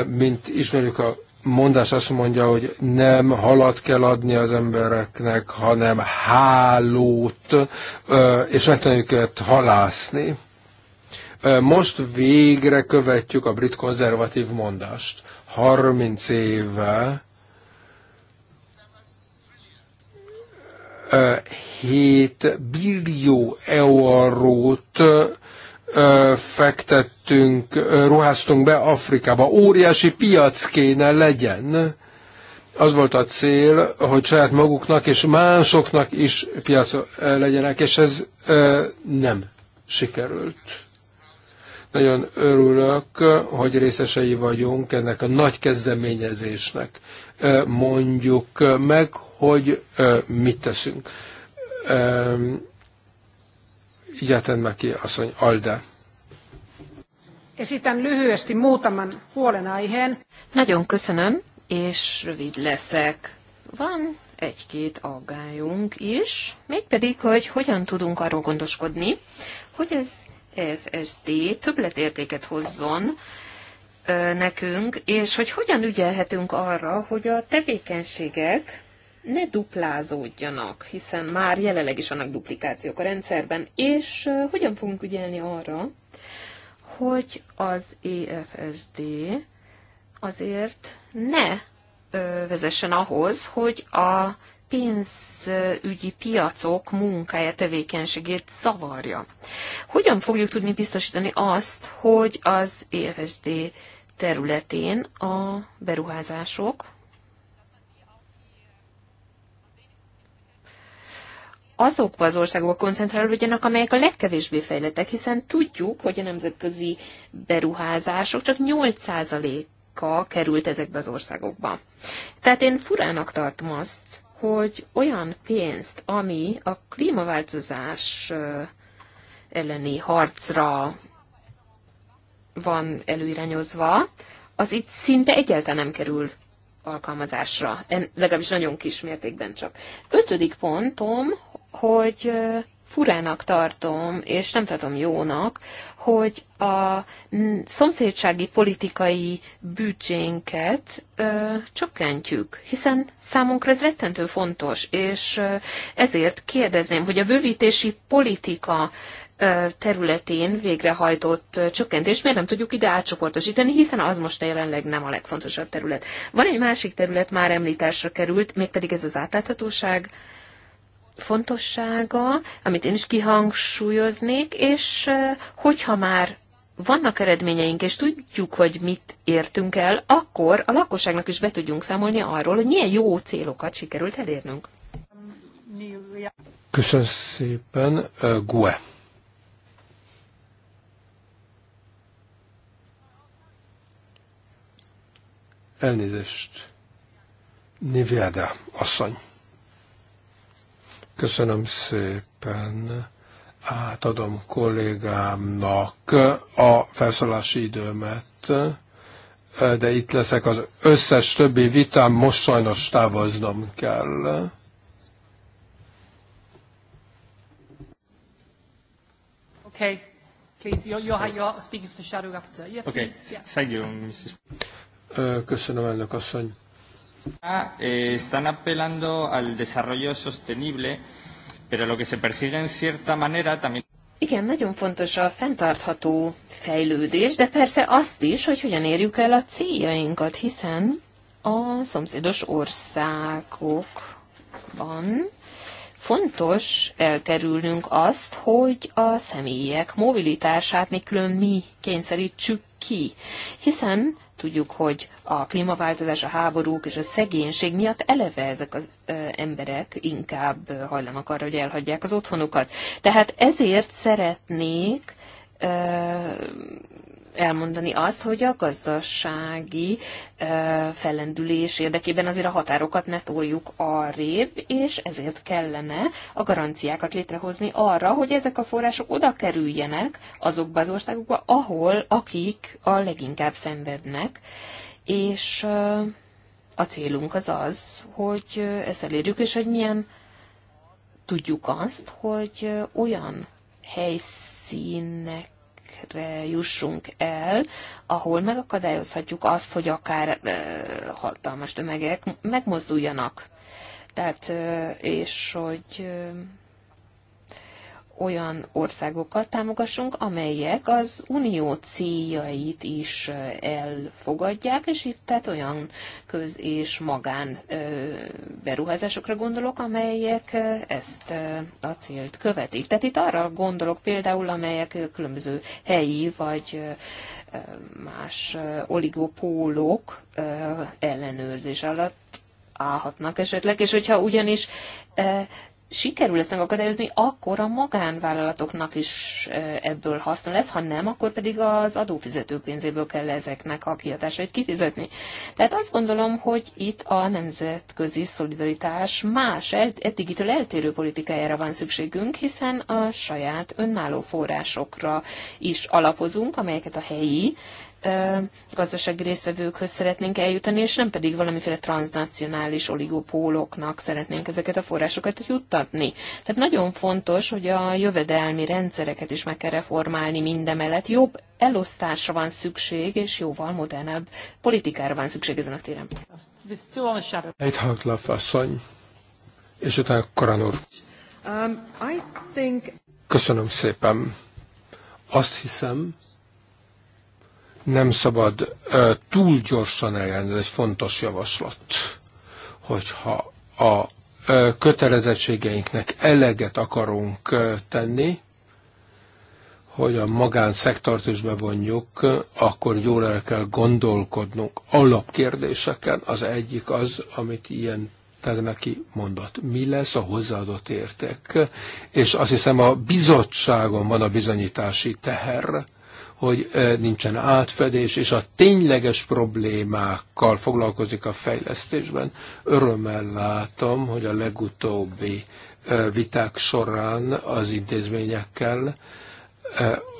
mint ismerjük a mondás azt mondja, hogy nem halat kell adni az embereknek, hanem hálót, és megtanuljuk őket halászni. Most végre követjük a brit konzervatív mondást. 30 éve 7 billió eurót fektettünk, ruháztunk be Afrikába. Óriási piac kéne legyen. Az volt a cél, hogy saját maguknak és másoknak is piac legyenek, és ez nem sikerült. Nagyon örülök, hogy részesei vagyunk ennek a nagy kezdeményezésnek. Mondjuk meg, hogy mit teszünk Jätän Mäki asszony Alde. Esitän lyhyesti muutaman huolenaiheen. Nagyon köszönöm, és rövid leszek. Van egy-két aggályunk is, mégpedig, hogy hogyan tudunk arról gondoskodni, hogy ez FSD többletértéket hozzon nekünk, és hogy hogyan ügyelhetünk arra, hogy a tevékenységek ne duplázódjanak, hiszen már jelenleg is vannak duplikációk a rendszerben, és hogyan fogunk ügyelni arra, hogy az EFSD azért ne vezessen ahhoz, hogy a pénzügyi piacok munkája, tevékenységét zavarja. Hogyan fogjuk tudni biztosítani azt, hogy az EFSD területén a beruházások azokba az országokba koncentrálódjanak, amelyek a legkevésbé fejlettek, hiszen tudjuk, hogy a nemzetközi beruházások csak 8%-a került ezekbe az országokba. Tehát én furának tartom azt, hogy olyan pénzt, ami a klímaváltozás elleni harcra van előirányozva, az itt szinte egyáltalán nem kerül alkalmazásra, legalábbis nagyon kis mértékben csak. Ötödik pontom, hogy furának tartom, és nem tartom jónak, hogy a szomszédsági politikai büdzsénket ö, csökkentjük, hiszen számunkra ez rettentő fontos, és ö, ezért kérdezném, hogy a bővítési politika ö, területén végrehajtott csökkentés miért nem tudjuk ide átcsoportosítani, hiszen az most jelenleg nem a legfontosabb terület. Van egy másik terület, már említásra került, mégpedig ez az átláthatóság, fontossága, amit én is kihangsúlyoznék, és hogyha már vannak eredményeink, és tudjuk, hogy mit értünk el, akkor a lakosságnak is be tudjunk számolni arról, hogy milyen jó célokat sikerült elérnünk. Köszönöm szépen, Gue. Elnézést, Nivéda asszony. Köszönöm szépen. Átadom kollégámnak a felszólási időmet, de itt leszek az összes többi vitám, most sajnos távoznom kell. Okay. speaking to shadow okay. Thank you, Mrs. Köszönöm, elnök asszony. Ah, eh, están apelando al desarrollo sostenible, pero lo que se persigue en cierta manera también... Igen, nagyon fontos a fenntartható fejlődés, de persze azt is, hogy hogyan érjük el a céljainkat, hiszen a szomszédos országokban fontos elkerülnünk azt, hogy a személyek mobilitását még külön mi kényszerítsük ki, hiszen tudjuk, hogy a klímaváltozás, a háborúk és a szegénység miatt eleve ezek az emberek inkább hajlanak arra, hogy elhagyják az otthonukat. Tehát ezért szeretnék elmondani azt, hogy a gazdasági ö, fellendülés érdekében azért a határokat ne toljuk arrébb, és ezért kellene a garanciákat létrehozni arra, hogy ezek a források oda kerüljenek azokba az országokba, ahol akik a leginkább szenvednek, és a célunk az az, hogy ezt elérjük, és hogy milyen tudjuk azt, hogy olyan helyszínekre jussunk el, ahol megakadályozhatjuk azt, hogy akár hatalmas tömegek megmozduljanak. Tehát, és hogy olyan országokat támogassunk, amelyek az unió céljait is elfogadják, és itt tehát olyan köz- és magán beruházásokra gondolok, amelyek ezt a célt követik. Tehát itt arra gondolok például, amelyek különböző helyi vagy más oligopólok ellenőrzés alatt állhatnak esetleg, és hogyha ugyanis sikerül ezt megakadályozni, akkor a magánvállalatoknak is ebből haszna lesz, ha nem, akkor pedig az adófizetők pénzéből kell ezeknek a kiadásait kifizetni. Tehát azt gondolom, hogy itt a nemzetközi szolidaritás más, eddigitől eltérő politikájára van szükségünk, hiszen a saját önálló forrásokra is alapozunk, amelyeket a helyi gazdasági részvevőkhöz szeretnénk eljutani, és nem pedig valamiféle transnacionális oligopóloknak szeretnénk ezeket a forrásokat juttatni. Tehát nagyon fontos, hogy a jövedelmi rendszereket is meg kell reformálni mindemellett. Jobb elosztásra van szükség, és jóval modernebb politikára van szükség ezen a téren. Egy hatlap asszony, és utána Koranov. Um, Köszönöm szépen. Azt hiszem, nem szabad túl gyorsan eljárni, ez egy fontos javaslat, hogyha a kötelezettségeinknek eleget akarunk tenni, hogy a magánszektort is bevonjuk, akkor jól el kell gondolkodnunk alapkérdéseken. Az egyik az, amit ilyen tegneki mondat. Mi lesz a hozzáadott érték? És azt hiszem a bizottságon van a bizonyítási teher, hogy nincsen átfedés, és a tényleges problémákkal foglalkozik a fejlesztésben. Örömmel látom, hogy a legutóbbi viták során az intézményekkel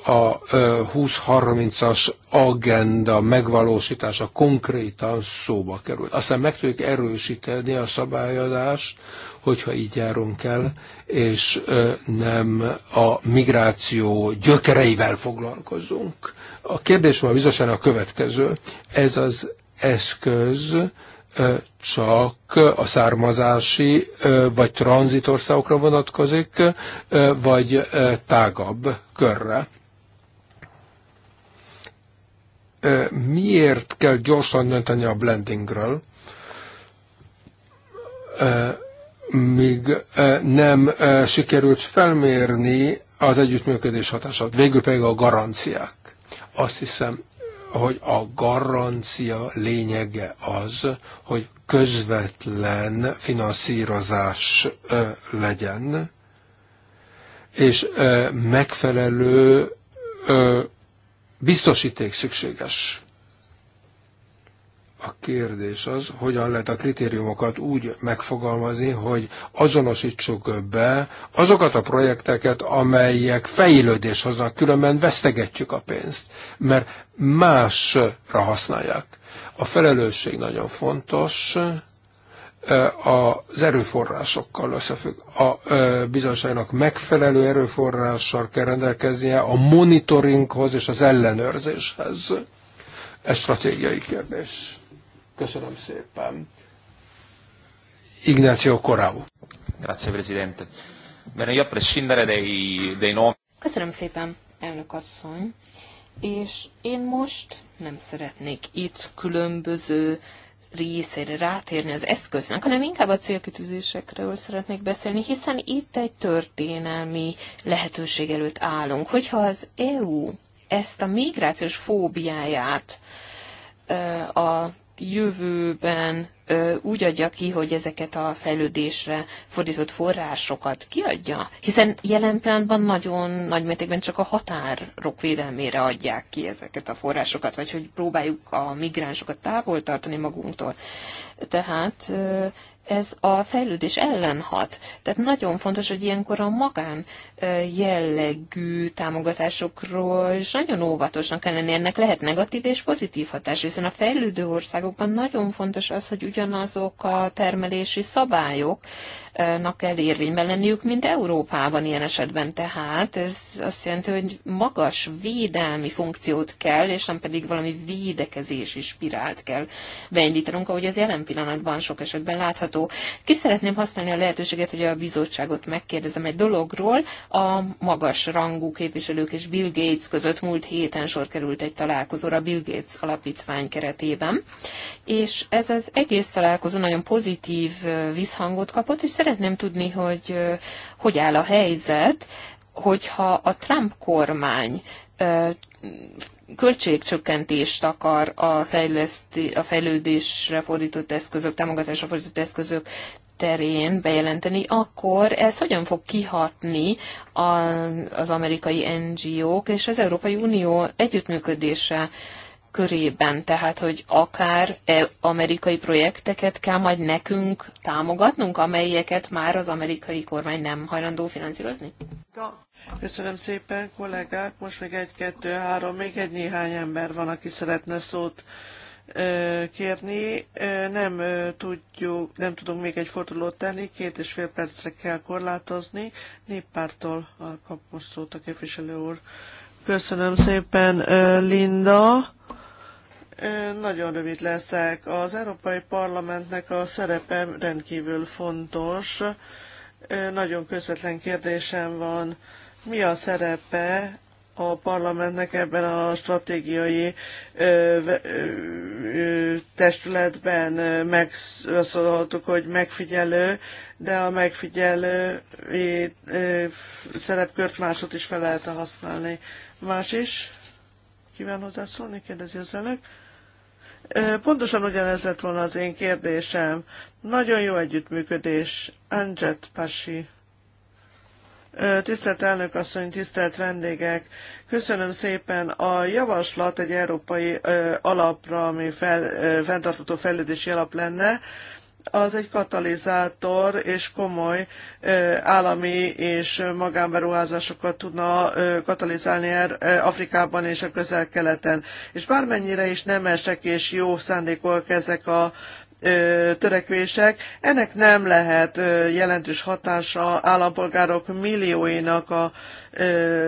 a 20-30-as agenda megvalósítása konkrétan szóba került. Aztán meg tudjuk erősíteni a szabályozást, hogyha így járunk el, és nem a migráció gyökereivel foglalkozunk. A kérdés a bizonyosan a következő. Ez az eszköz csak a származási vagy tranzitországokra vonatkozik, vagy tágabb körre. Miért kell gyorsan dönteni a blendingről, míg nem sikerült felmérni az együttműködés hatását, végül pedig a garanciák. Azt hiszem, hogy a garancia lényege az, hogy közvetlen finanszírozás legyen, és megfelelő biztosíték szükséges. A kérdés az, hogyan lehet a kritériumokat úgy megfogalmazni, hogy azonosítsuk be azokat a projekteket, amelyek fejlődés hoznak, különben vesztegetjük a pénzt, mert másra használják. A felelősség nagyon fontos, e, az erőforrásokkal összefügg. A e, bizonyságnak megfelelő erőforrással kell rendelkeznie a monitoringhoz és az ellenőrzéshez. Ez stratégiai kérdés. Köszönöm szépen. Ignacio Corau. Grazie, Presidente. Bene, io a prescindere dei, dei nomi... Köszönöm szépen, elnök asszony. És én most nem szeretnék itt különböző részére rátérni az eszköznek, hanem inkább a célkitűzésekről szeretnék beszélni, hiszen itt egy történelmi lehetőség előtt állunk. Hogyha az EU ezt a migrációs fóbiáját a jövőben úgy adja ki, hogy ezeket a fejlődésre fordított forrásokat kiadja? Hiszen jelen pillanatban nagyon nagy mértékben csak a határok védelmére adják ki ezeket a forrásokat, vagy hogy próbáljuk a migránsokat távol tartani magunktól. Tehát ez a fejlődés ellen hat. Tehát nagyon fontos, hogy ilyenkor a magán jellegű támogatásokról is nagyon óvatosnak kell lenni. Ennek lehet negatív és pozitív hatás, hiszen a fejlődő országokban nagyon fontos az, hogy ugyanazok a termelési szabályok nak kell érvényben lenniük, mint Európában ilyen esetben tehát. Ez azt jelenti, hogy magas védelmi funkciót kell, és nem pedig valami védekezési spirált kell beindítanunk, ahogy az jelen pillanatban sok esetben látható. Ki szeretném használni a lehetőséget, hogy a bizottságot megkérdezem egy dologról. A magas rangú képviselők és Bill Gates között múlt héten sor került egy találkozóra Bill Gates alapítvány keretében, és ez az egész találkozó nagyon pozitív visszhangot kapott, és Szeretném tudni, hogy hogy áll a helyzet, hogyha a Trump kormány költségcsökkentést akar a, fejleszti, a fejlődésre fordított eszközök, támogatásra fordított eszközök terén bejelenteni, akkor ez hogyan fog kihatni az amerikai NGO-k és az Európai Unió együttműködése körében, tehát hogy akár e, amerikai projekteket kell majd nekünk támogatnunk, amelyeket már az amerikai kormány nem hajlandó finanszírozni? Köszönöm szépen, kollégák. Most még egy, kettő, három, még egy néhány ember van, aki szeretne szót e, kérni. E, nem tudjuk, nem tudunk még egy fordulót tenni, két és fél percre kell korlátozni. Néppártól kap most szót a képviselő úr. Köszönöm szépen, Linda. Nagyon rövid leszek. Az Európai Parlamentnek a szerepe rendkívül fontos. Nagyon közvetlen kérdésem van. Mi a szerepe a parlamentnek ebben a stratégiai ö, ö, testületben megszólaltuk, hogy megfigyelő, de a megfigyelő szerepkört másot is fel lehet használni. Más is? Kíván hozzászólni? Kérdezi az elnök. Pontosan ugyanez lett volna az én kérdésem. Nagyon jó együttműködés. Anjet Pasi. Tisztelt elnök asszony, tisztelt vendégek! Köszönöm szépen a javaslat egy európai alapra, ami fel, fenntartható fejlődési alap lenne az egy katalizátor és komoly állami és magánberuházásokat tudna katalizálni er, Afrikában és a közel-keleten. És bármennyire is nemesek és jó szándékok ezek a törekvések. Ennek nem lehet jelentős hatása állampolgárok millióinak a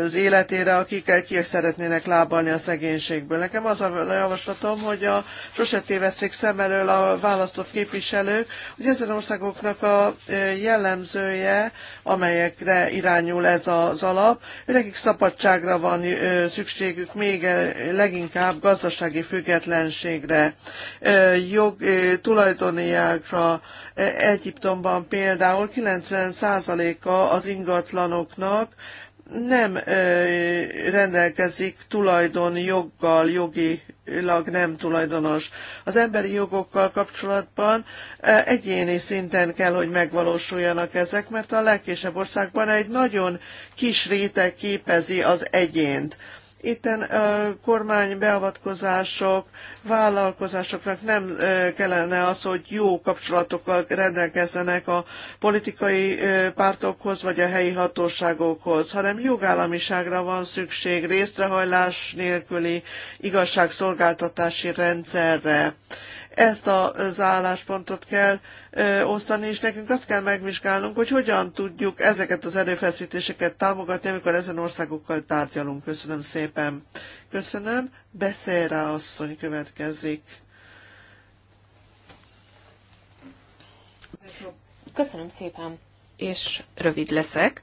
az életére, akik ki szeretnének lábalni a szegénységből. Nekem az a javaslatom, hogy a, sose téveszik szem elől a választott képviselők, hogy ezen országoknak a e, jellemzője, amelyekre irányul ez az alap, nekik szabadságra van e, szükségük, még e, leginkább gazdasági függetlenségre, jog, tulajdoniákra. Egyiptomban például 90%-a az ingatlanoknak, nem rendelkezik tulajdonjoggal, jogilag nem tulajdonos. Az emberi jogokkal kapcsolatban egyéni szinten kell, hogy megvalósuljanak ezek, mert a legkisebb országban egy nagyon kis réteg képezi az egyént Itten kormány beavatkozások, vállalkozásoknak nem kellene az, hogy jó kapcsolatokkal rendelkezzenek a politikai pártokhoz vagy a helyi hatóságokhoz, hanem jogállamiságra van szükség, részrehajlás nélküli igazságszolgáltatási rendszerre. Ezt az álláspontot kell osztani, és nekünk azt kell megvizsgálnunk, hogy hogyan tudjuk ezeket az erőfeszítéseket támogatni, amikor ezen országokkal tárgyalunk. Köszönöm szépen. Köszönöm. Bethera asszony következik. Köszönöm szépen, és rövid leszek.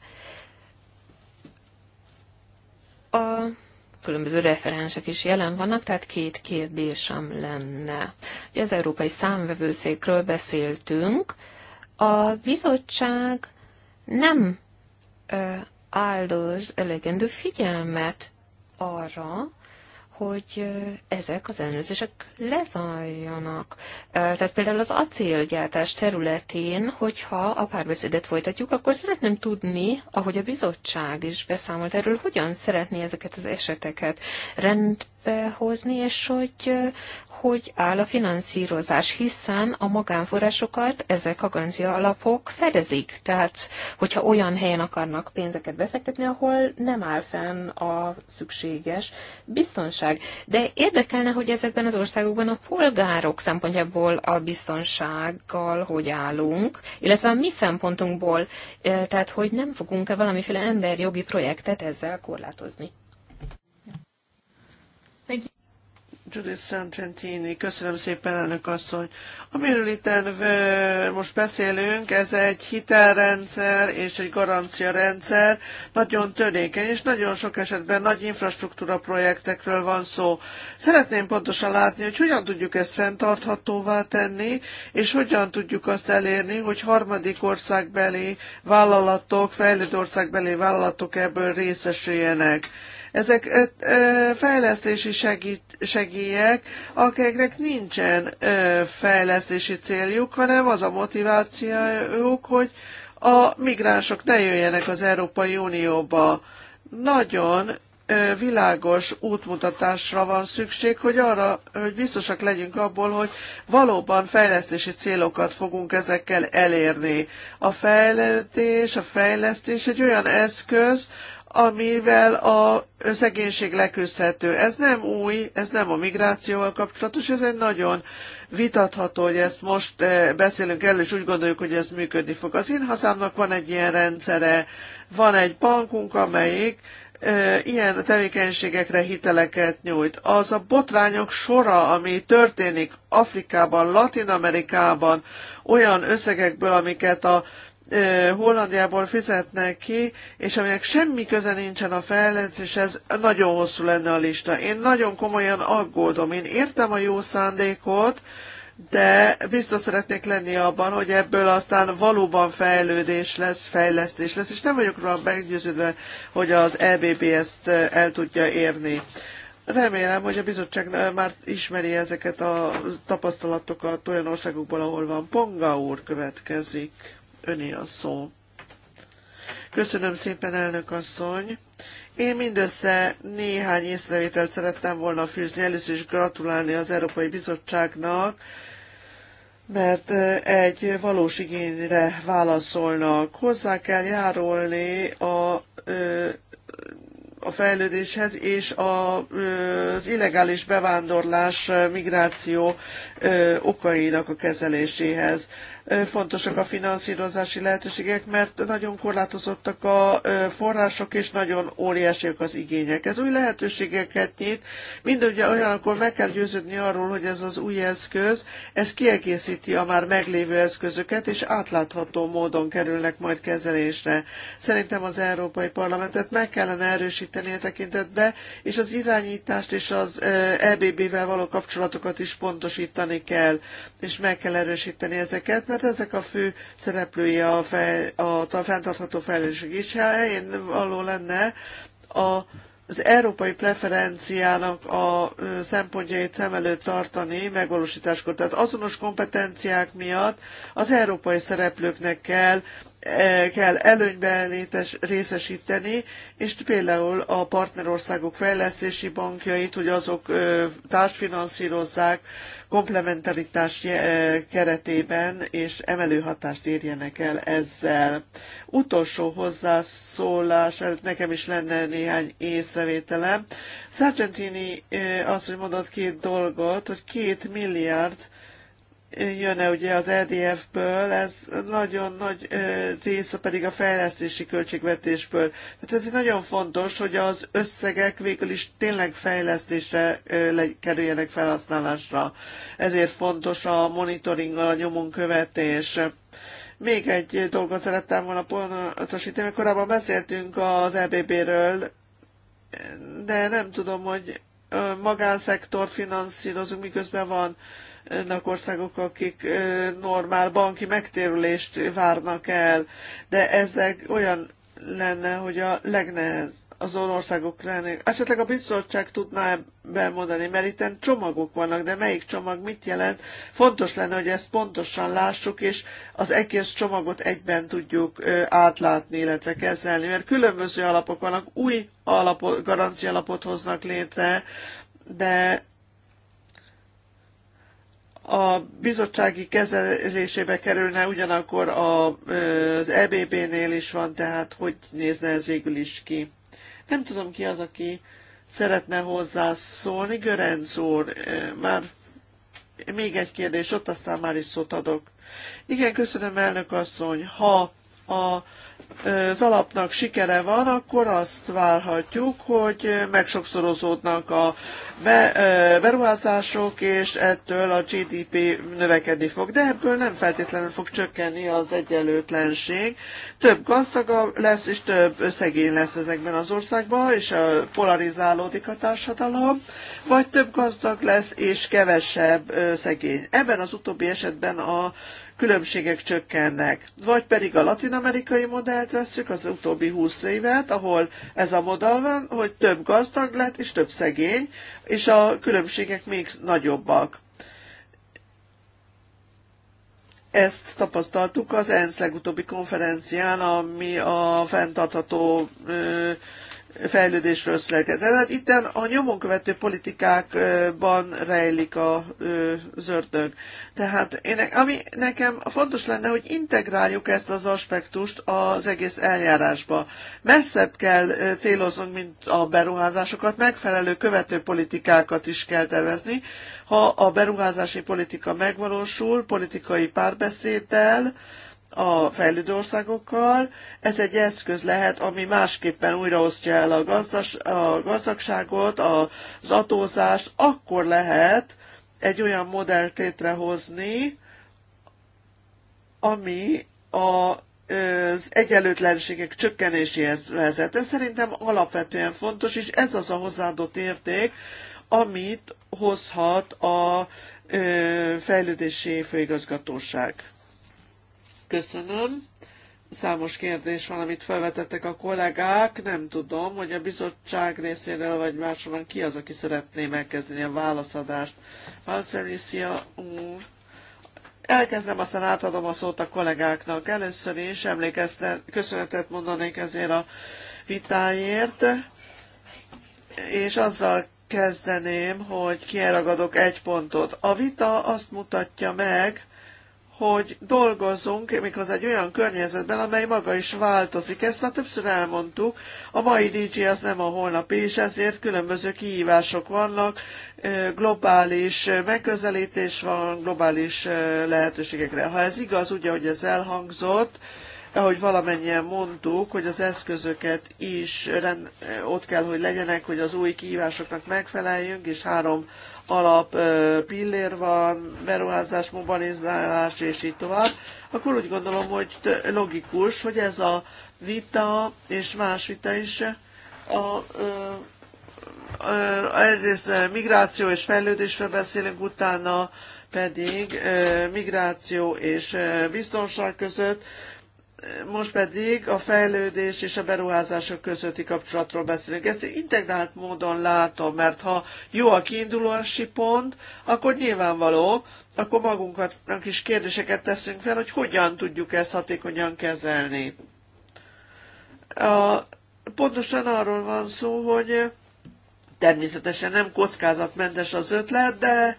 A különböző referensek is jelen vannak, tehát két kérdésem lenne. az Európai Számvevőszékről beszéltünk. A bizottság nem áldoz elegendő figyelmet arra, hogy ezek az ellenőrzések lezajjanak. Tehát például az acélgyártás területén, hogyha a párbeszédet folytatjuk, akkor szeretném tudni, ahogy a bizottság is beszámolt erről, hogyan szeretné ezeket az eseteket rendbe hozni, és hogy hogy áll a finanszírozás, hiszen a magánforrásokat ezek a garancia alapok fedezik. Tehát, hogyha olyan helyen akarnak pénzeket befektetni, ahol nem áll fenn a szükséges biztonság. De érdekelne, hogy ezekben az országokban a polgárok szempontjából a biztonsággal hogy állunk, illetve a mi szempontunkból, e, tehát hogy nem fogunk-e valamiféle emberjogi projektet ezzel korlátozni. Thank you. Judith Santentini, köszönöm szépen, elnök asszony. Amiről itt most beszélünk, ez egy hitelrendszer és egy garanciarendszer, nagyon törékeny, és nagyon sok esetben nagy infrastruktúra projektekről van szó. Szeretném pontosan látni, hogy hogyan tudjuk ezt fenntarthatóvá tenni, és hogyan tudjuk azt elérni, hogy harmadik országbeli vállalatok, fejlődő országbeli vállalatok ebből részesüljenek ezek fejlesztési segít, segélyek, akiknek nincsen fejlesztési céljuk, hanem az a motivációjuk, hogy a migránsok ne jöjjenek az Európai Unióba. Nagyon világos útmutatásra van szükség, hogy arra, hogy biztosak legyünk abból, hogy valóban fejlesztési célokat fogunk ezekkel elérni. A fejlődés, a fejlesztés egy olyan eszköz, amivel a szegénység leküzdhető. Ez nem új, ez nem a migrációval kapcsolatos, ez egy nagyon vitatható, hogy ezt most eh, beszélünk el, és úgy gondoljuk, hogy ez működni fog. Az én hazámnak van egy ilyen rendszere, van egy bankunk, amelyik eh, ilyen tevékenységekre hiteleket nyújt. Az a botrányok sora, ami történik Afrikában, Latin Amerikában, olyan összegekből, amiket a Hollandiából fizetnek ki, és aminek semmi köze nincsen a ez nagyon hosszú lenne a lista. Én nagyon komolyan aggódom. Én értem a jó szándékot, de biztos szeretnék lenni abban, hogy ebből aztán valóban fejlődés lesz, fejlesztés lesz, és nem vagyok rá meggyőződve, hogy az EBB ezt el tudja érni. Remélem, hogy a bizottság már ismeri ezeket a tapasztalatokat olyan országokból, ahol van. Ponga úr következik öné a szó. Köszönöm szépen, elnök asszony. Én mindössze néhány észrevételt szerettem volna fűzni. Először is gratulálni az Európai Bizottságnak, mert egy valós igényre válaszolnak. Hozzá kell járulni a, a fejlődéshez és a, az illegális bevándorlás, migráció okainak a kezeléséhez fontosak a finanszírozási lehetőségek, mert nagyon korlátozottak a források, és nagyon óriásiak az igények. Ez új lehetőségeket nyit, mindögye akkor meg kell győződni arról, hogy ez az új eszköz, ez kiegészíti a már meglévő eszközöket, és átlátható módon kerülnek majd kezelésre. Szerintem az Európai Parlamentet meg kellene erősíteni a e tekintetbe, és az irányítást és az EBB-vel való kapcsolatokat is pontosítani kell, és meg kell erősíteni ezeket, mert ezek a fő szereplői a, fej, a, a fenntartható fejlődésük is. Helyén való lenne a az európai preferenciának a szempontjait szem előtt tartani megvalósításkor. Tehát azonos kompetenciák miatt az európai szereplőknek kell kell előnyben részesíteni, és például a partnerországok fejlesztési bankjait, hogy azok társfinanszírozzák komplementaritás eh, keretében, és emelő hatást érjenek el ezzel. Utolsó hozzászólás előtt nekem is lenne néhány észrevételem. Sargentini eh, azt, hogy mondott két dolgot, hogy két milliárd jön-e ugye az EDF-ből, ez nagyon nagy része pedig a fejlesztési költségvetésből. Tehát ez nagyon fontos, hogy az összegek végül is tényleg fejlesztésre kerüljenek felhasználásra. Ezért fontos a monitoring, a nyomon követés. Még egy dolgot szerettem volna pontosítani, korábban beszéltünk az EBB-ről, de nem tudom, hogy magánszektort finanszírozunk, miközben vannak országok, akik normál banki megtérülést várnak el, de ezek olyan lenne, hogy a legnehez, az országok lennének. Esetleg a bizottság tudná ebben mondani, mert itt csomagok vannak, de melyik csomag mit jelent? Fontos lenne, hogy ezt pontosan lássuk, és az egész csomagot egyben tudjuk átlátni, illetve kezelni, mert különböző alapok vannak, új alapot, garancia alapot hoznak létre, de a bizottsági kezelésébe kerülne, ugyanakkor az EBB-nél is van, tehát hogy nézne ez végül is ki? Nem tudom ki az, aki szeretne hozzászólni. Görenc úr, eh, már még egy kérdés, ott aztán már is szót adok. Igen, köszönöm, elnök asszony. Ha a az alapnak sikere van, akkor azt várhatjuk, hogy megsokszorozódnak a beruházások, és ettől a GDP növekedni fog. De ebből nem feltétlenül fog csökkenni az egyenlőtlenség. Több gazdag lesz, és több szegény lesz ezekben az országban, és polarizálódik a társadalom, vagy több gazdag lesz, és kevesebb szegény. Ebben az utóbbi esetben a különbségek csökkennek. Vagy pedig a latinamerikai modellt veszük az utóbbi húsz évet, ahol ez a modell van, hogy több gazdag lett és több szegény, és a különbségek még nagyobbak. Ezt tapasztaltuk az ENSZ legutóbbi konferencián, ami a fenntartható fejlődésről született. Tehát itt a nyomon követő politikákban rejlik a zördög. Tehát én, ami nekem fontos lenne, hogy integráljuk ezt az aspektust az egész eljárásba. Messzebb kell céloznunk, mint a beruházásokat, megfelelő követő politikákat is kell tervezni. Ha a beruházási politika megvalósul, politikai párbeszéddel, a fejlődő országokkal. Ez egy eszköz lehet, ami másképpen újraosztja el a, gazdas, a gazdagságot, az adózást. Akkor lehet egy olyan modellt létrehozni, ami a az egyenlőtlenségek csökkenéséhez vezet. Ez szerintem alapvetően fontos, és ez az a hozzáadott érték, amit hozhat a fejlődési főigazgatóság. Köszönöm. Számos kérdés van, amit felvetettek a kollégák. Nem tudom, hogy a bizottság részéről vagy máshonnan ki az, aki szeretné megkezdeni a válaszadást. Valszeriszia úr. Elkezdem, aztán átadom a szót a kollégáknak. Először is emlékeztet, köszönetet mondanék ezért a vitáért, és azzal kezdeném, hogy kieragadok egy pontot. A vita azt mutatja meg, hogy dolgozzunk, méghozzá egy olyan környezetben, amely maga is változik. Ezt már többször elmondtuk, a mai DJ az nem a holnapi, és ezért különböző kihívások vannak, globális megközelítés van, globális lehetőségekre. Ha ez igaz, ugye, hogy ez elhangzott, ahogy valamennyien mondtuk, hogy az eszközöket is rend, ott kell, hogy legyenek, hogy az új kihívásoknak megfeleljünk, és három alap pillér van, beruházás, mobilizálás, és így tovább, akkor úgy gondolom, hogy logikus, hogy ez a vita és más vita is a egyrészt migráció és fejlődésről beszélünk, utána pedig migráció és biztonság között most pedig a fejlődés és a beruházások közötti kapcsolatról beszélünk. Ezt integrált módon látom, mert ha jó a kiindulási pont, akkor nyilvánvaló, akkor magunknak is kérdéseket teszünk fel, hogy hogyan tudjuk ezt hatékonyan kezelni. A, pontosan arról van szó, hogy természetesen nem kockázatmentes az ötlet, de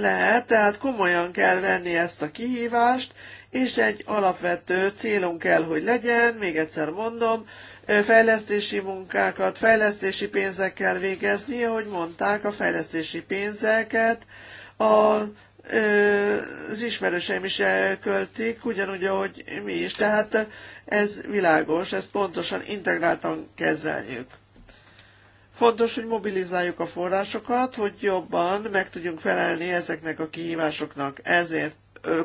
lehet, tehát komolyan kell venni ezt a kihívást, és egy alapvető célunk kell, hogy legyen, még egyszer mondom, fejlesztési munkákat, fejlesztési pénzekkel végezni, ahogy mondták, a fejlesztési pénzeket a, az ismerőseim is költik, ugyanúgy, ahogy mi is. Tehát ez világos, ezt pontosan integráltan kezeljük. Fontos, hogy mobilizáljuk a forrásokat, hogy jobban meg tudjunk felelni ezeknek a kihívásoknak. Ezért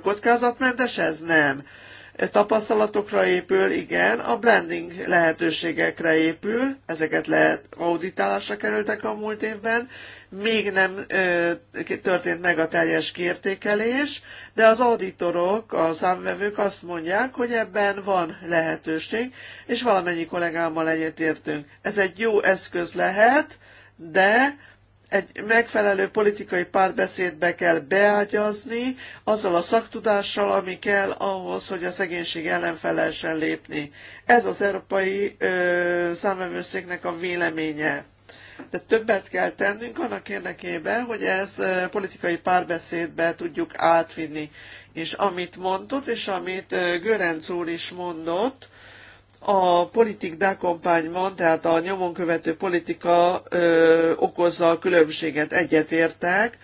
kockázatmentes, ez nem. Tapasztalatokra épül, igen, a blending lehetőségekre épül, ezeket lehet auditálásra kerültek a múlt évben, még nem ö, történt meg a teljes kiértékelés, de az auditorok, a számvevők azt mondják, hogy ebben van lehetőség, és valamennyi kollégámmal egyetértünk. Ez egy jó eszköz lehet, de egy megfelelő politikai párbeszédbe kell beágyazni, azzal a szaktudással, ami kell ahhoz, hogy a szegénység ellen felelsen lépni. Ez az európai ö, számvevőszéknek a véleménye. De többet kell tennünk annak érdekében, hogy ezt ö, politikai párbeszédbe tudjuk átvinni. És amit mondott, és amit ö, Görenc úr is mondott, a politik kampányban, tehát a nyomon követő politika ö, okozza a különbséget, egyetértek.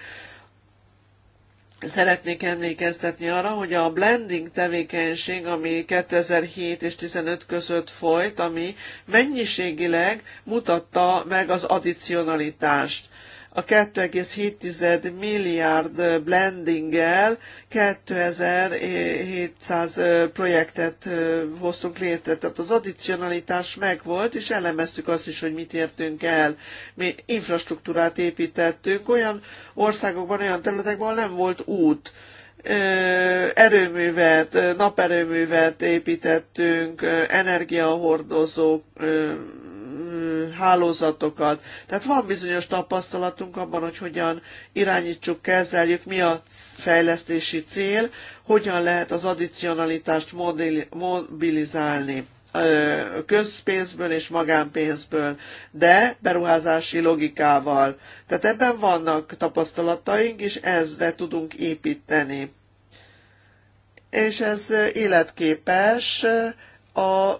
Szeretnék emlékeztetni arra, hogy a blending tevékenység, ami 2007 és 2015 között folyt, ami mennyiségileg mutatta meg az addicionalitást a 2,7 milliárd blendinggel 2700 projektet hoztunk létre, tehát az addicionalitás megvolt, és elemeztük azt is, hogy mit értünk el. Mi infrastruktúrát építettünk olyan országokban, olyan területekben, nem volt út erőművet, naperőművet építettünk, energiahordozók, hálózatokat. Tehát van bizonyos tapasztalatunk abban, hogy hogyan irányítsuk, kezeljük, mi a fejlesztési cél, hogyan lehet az addicionalitást mobilizálni közpénzből és magánpénzből, de beruházási logikával. Tehát ebben vannak tapasztalataink, és ezre tudunk építeni. És ez életképes a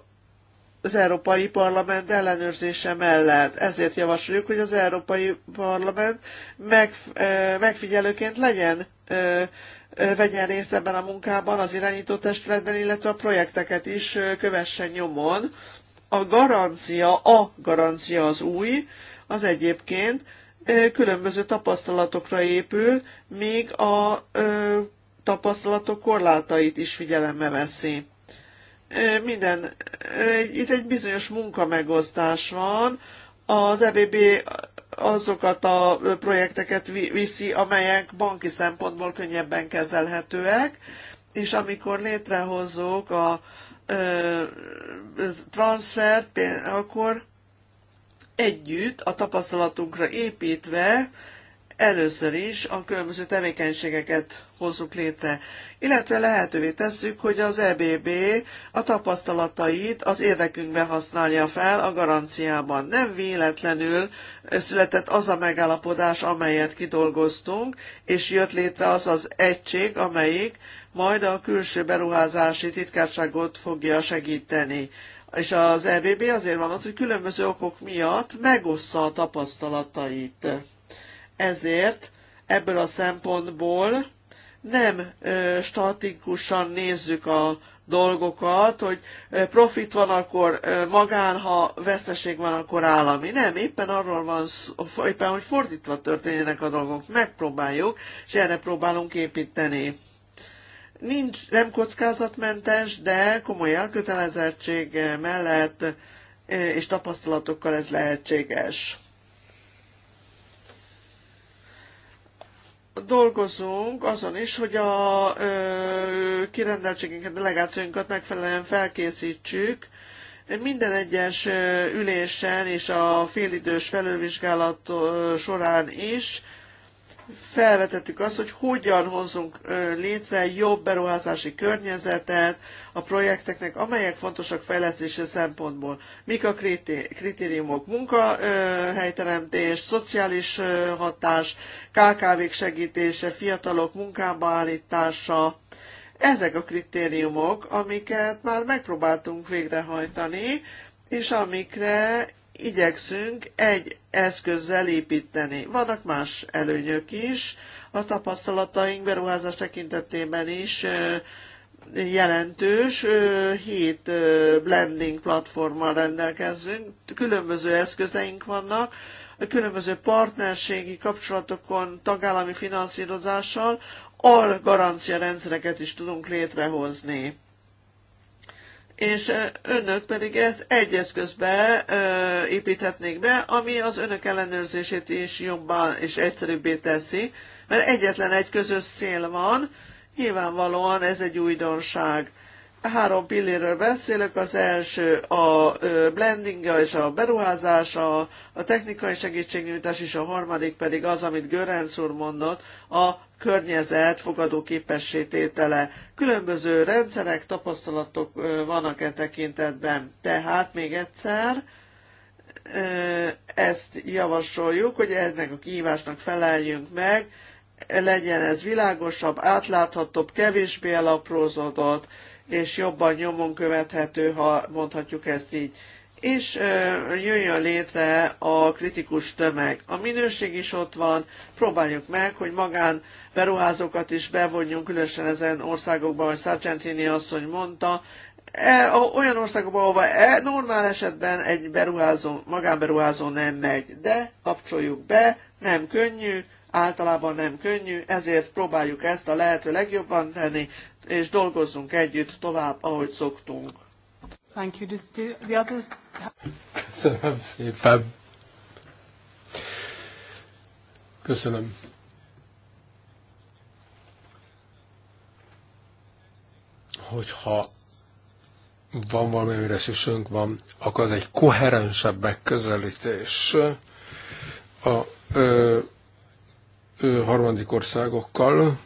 az Európai Parlament ellenőrzése mellett. Ezért javasoljuk, hogy az Európai Parlament megfigyelőként legyen vegyen részt ebben a munkában, az irányító testületben, illetve a projekteket is kövessen nyomon. A garancia, a garancia az új, az egyébként különböző tapasztalatokra épül, míg a tapasztalatok korlátait is figyelembe veszi minden, itt egy bizonyos munkamegosztás van, az EBB azokat a projekteket viszi, amelyek banki szempontból könnyebben kezelhetőek, és amikor létrehozzuk a transfert, akkor együtt a tapasztalatunkra építve először is a különböző tevékenységeket hozzuk létre, illetve lehetővé tesszük, hogy az EBB a tapasztalatait az érdekünkbe használja fel a garanciában. Nem véletlenül született az a megállapodás, amelyet kidolgoztunk, és jött létre az az egység, amelyik majd a külső beruházási titkárságot fogja segíteni. És az EBB azért van ott, hogy különböző okok miatt megossza a tapasztalatait ezért ebből a szempontból nem statikusan nézzük a dolgokat, hogy profit van, akkor magán, ha veszteség van, akkor állami. Nem, éppen arról van szó, éppen, hogy fordítva történjenek a dolgok. Megpróbáljuk, és erre próbálunk építeni. Nincs, nem kockázatmentes, de komoly elkötelezettség mellett és tapasztalatokkal ez lehetséges. dolgozunk azon is, hogy a ö, kirendeltségünket, delegációinkat megfelelően felkészítsük. Minden egyes ülésen és a félidős felülvizsgálat során is felvetettük azt, hogy hogyan hozzunk létre jobb beruházási környezetet a projekteknek, amelyek fontosak fejlesztési szempontból. Mik a kritériumok? Munkahelyteremtés, szociális hatás, KKV-k segítése, fiatalok munkába állítása. Ezek a kritériumok, amiket már megpróbáltunk végrehajtani, és amikre igyekszünk egy eszközzel építeni. Vannak más előnyök is, a tapasztalataink beruházás tekintetében is jelentős. Hét blending platformmal rendelkezünk, különböző eszközeink vannak, a különböző partnerségi kapcsolatokon, tagállami finanszírozással garancia rendszereket is tudunk létrehozni és önök pedig ezt egy eszközbe építhetnék be, ami az önök ellenőrzését is jobban és egyszerűbbé teszi, mert egyetlen egy közös cél van, nyilvánvalóan ez egy újdonság három pilléről beszélek, az első a blending -a és a beruházás, a, a technikai segítségnyújtás, és a harmadik pedig az, amit Görenc úr mondott, a környezet fogadó tétele. Különböző rendszerek, tapasztalatok vannak e tekintetben. Tehát még egyszer, ezt javasoljuk, hogy ennek a kihívásnak feleljünk meg, legyen ez világosabb, átláthatóbb, kevésbé elaprózódott, és jobban nyomon követhető, ha mondhatjuk ezt így. És jöjjön létre a kritikus tömeg. A minőség is ott van, próbáljuk meg, hogy magán beruházókat is bevonjunk, különösen ezen országokban, ahogy Sargentini asszony mondta, E, olyan országokban, ahova e, normál esetben egy beruházó, magánberuházó nem megy, de kapcsoljuk be, nem könnyű, általában nem könnyű, ezért próbáljuk ezt a lehető legjobban tenni, és dolgozzunk együtt tovább, ahogy szoktunk. Thank you. The others... Köszönöm szépen. Köszönöm. Hogyha van valami, amire szükségünk van, akkor az egy koherensebb megközelítés a ö, ö, harmadik országokkal,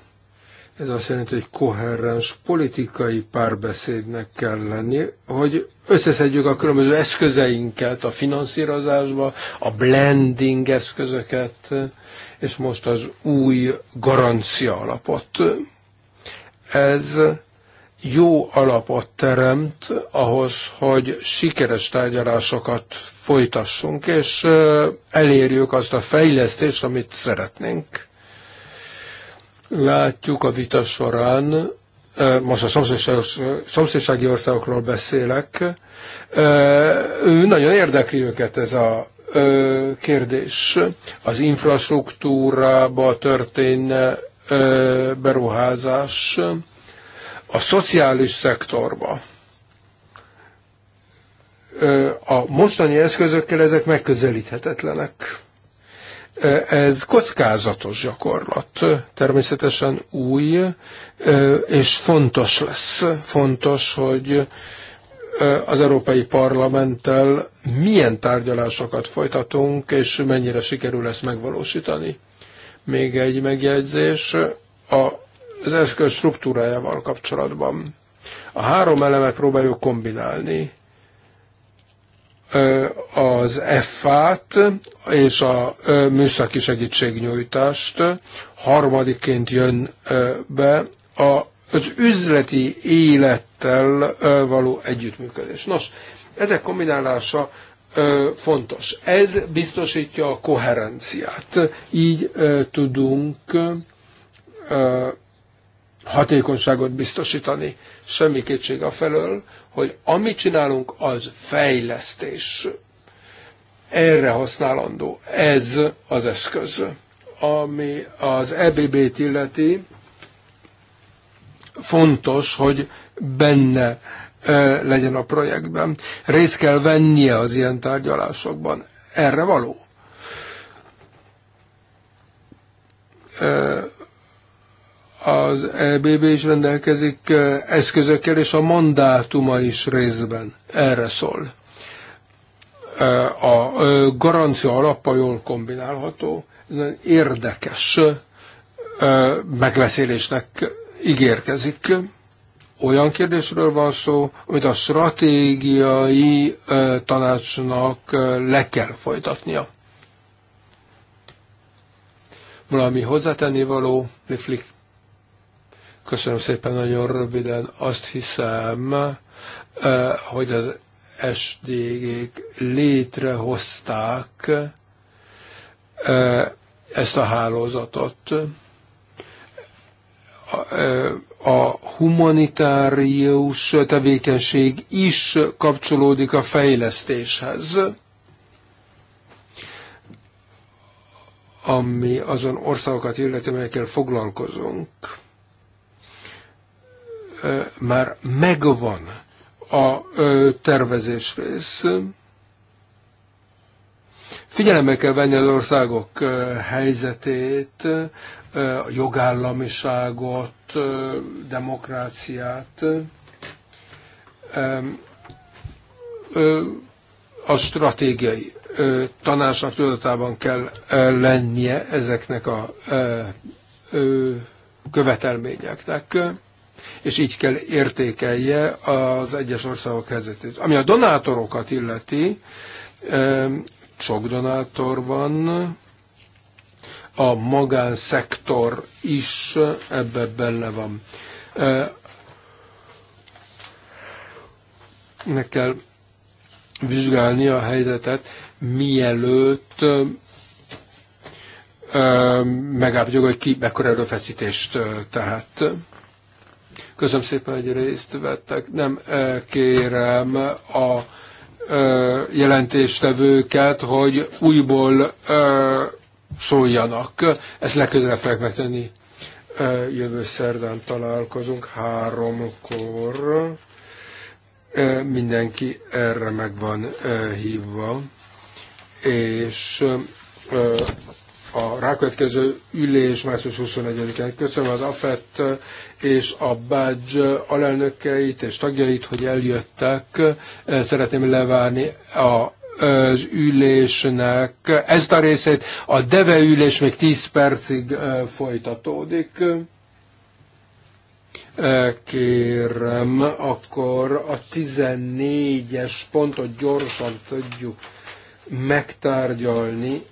ez azt jelenti, hogy koherens politikai párbeszédnek kell lenni, hogy összeszedjük a különböző eszközeinket, a finanszírozásba, a blending eszközöket, és most az új garancia alapot. Ez jó alapot teremt ahhoz, hogy sikeres tárgyalásokat folytassunk, és elérjük azt a fejlesztést, amit szeretnénk. Látjuk a vita során, eh, most a szomszédos, szomszédsági országokról beszélek, eh, nagyon érdekli őket ez a kérdés. Az infrastruktúrába történne beruházás, a szociális szektorba. A mostani eszközökkel ezek megközelíthetetlenek. Ez kockázatos gyakorlat, természetesen új, és fontos lesz. Fontos, hogy az Európai Parlamenttel milyen tárgyalásokat folytatunk, és mennyire sikerül ezt megvalósítani. Még egy megjegyzés az eszköz struktúrájával kapcsolatban. A három elemet próbáljuk kombinálni az FA-t és a műszaki segítségnyújtást, harmadiként jön be az üzleti élettel való együttműködés. Nos, ezek kombinálása fontos. Ez biztosítja a koherenciát. Így tudunk hatékonyságot biztosítani. Semmi kétség a felől, hogy amit csinálunk, az fejlesztés. Erre használandó ez az eszköz, ami az EBB-t illeti, fontos, hogy benne legyen a projektben. Részt kell vennie az ilyen tárgyalásokban. Erre való az EBB is rendelkezik eszközökkel, és a mandátuma is részben erre szól. A garancia alappal jól kombinálható, érdekes megveszélésnek ígérkezik. Olyan kérdésről van szó, amit a stratégiai tanácsnak le kell folytatnia. Valami hozzátenni való, Liflik? Köszönöm szépen, nagyon röviden. Azt hiszem, eh, hogy az sdg létrehozták eh, ezt a hálózatot. A, eh, a humanitárius tevékenység is kapcsolódik a fejlesztéshez, ami azon országokat illeti, amelyekkel foglalkozunk már megvan a tervezés rész. Figyelembe kell venni az országok helyzetét, a jogállamiságot, demokráciát a stratégiai tanácsnak tudatában kell lennie ezeknek a követelményeknek és így kell értékelje az egyes országok helyzetét. Ami a donátorokat illeti, sok donátor van, a magánszektor is ebbe benne van. Meg kell vizsgálni a helyzetet, mielőtt megállapodjuk, hogy ki mekkora erőfeszítést tehet. Köszönöm szépen, hogy részt vettek. Nem kérem a jelentéstevőket, hogy újból szóljanak. Ezt legközelebb fogják megtenni. Jövő szerdán találkozunk háromkor. Mindenki erre meg van hívva. És a rákövetkező ülés március 21 en Köszönöm az AFET és a Bács alelnökeit és tagjait, hogy eljöttek. Szeretném levárni a az ülésnek ezt a részét. A deve ülés még 10 percig folytatódik. Kérem, akkor a 14-es pontot gyorsan tudjuk megtárgyalni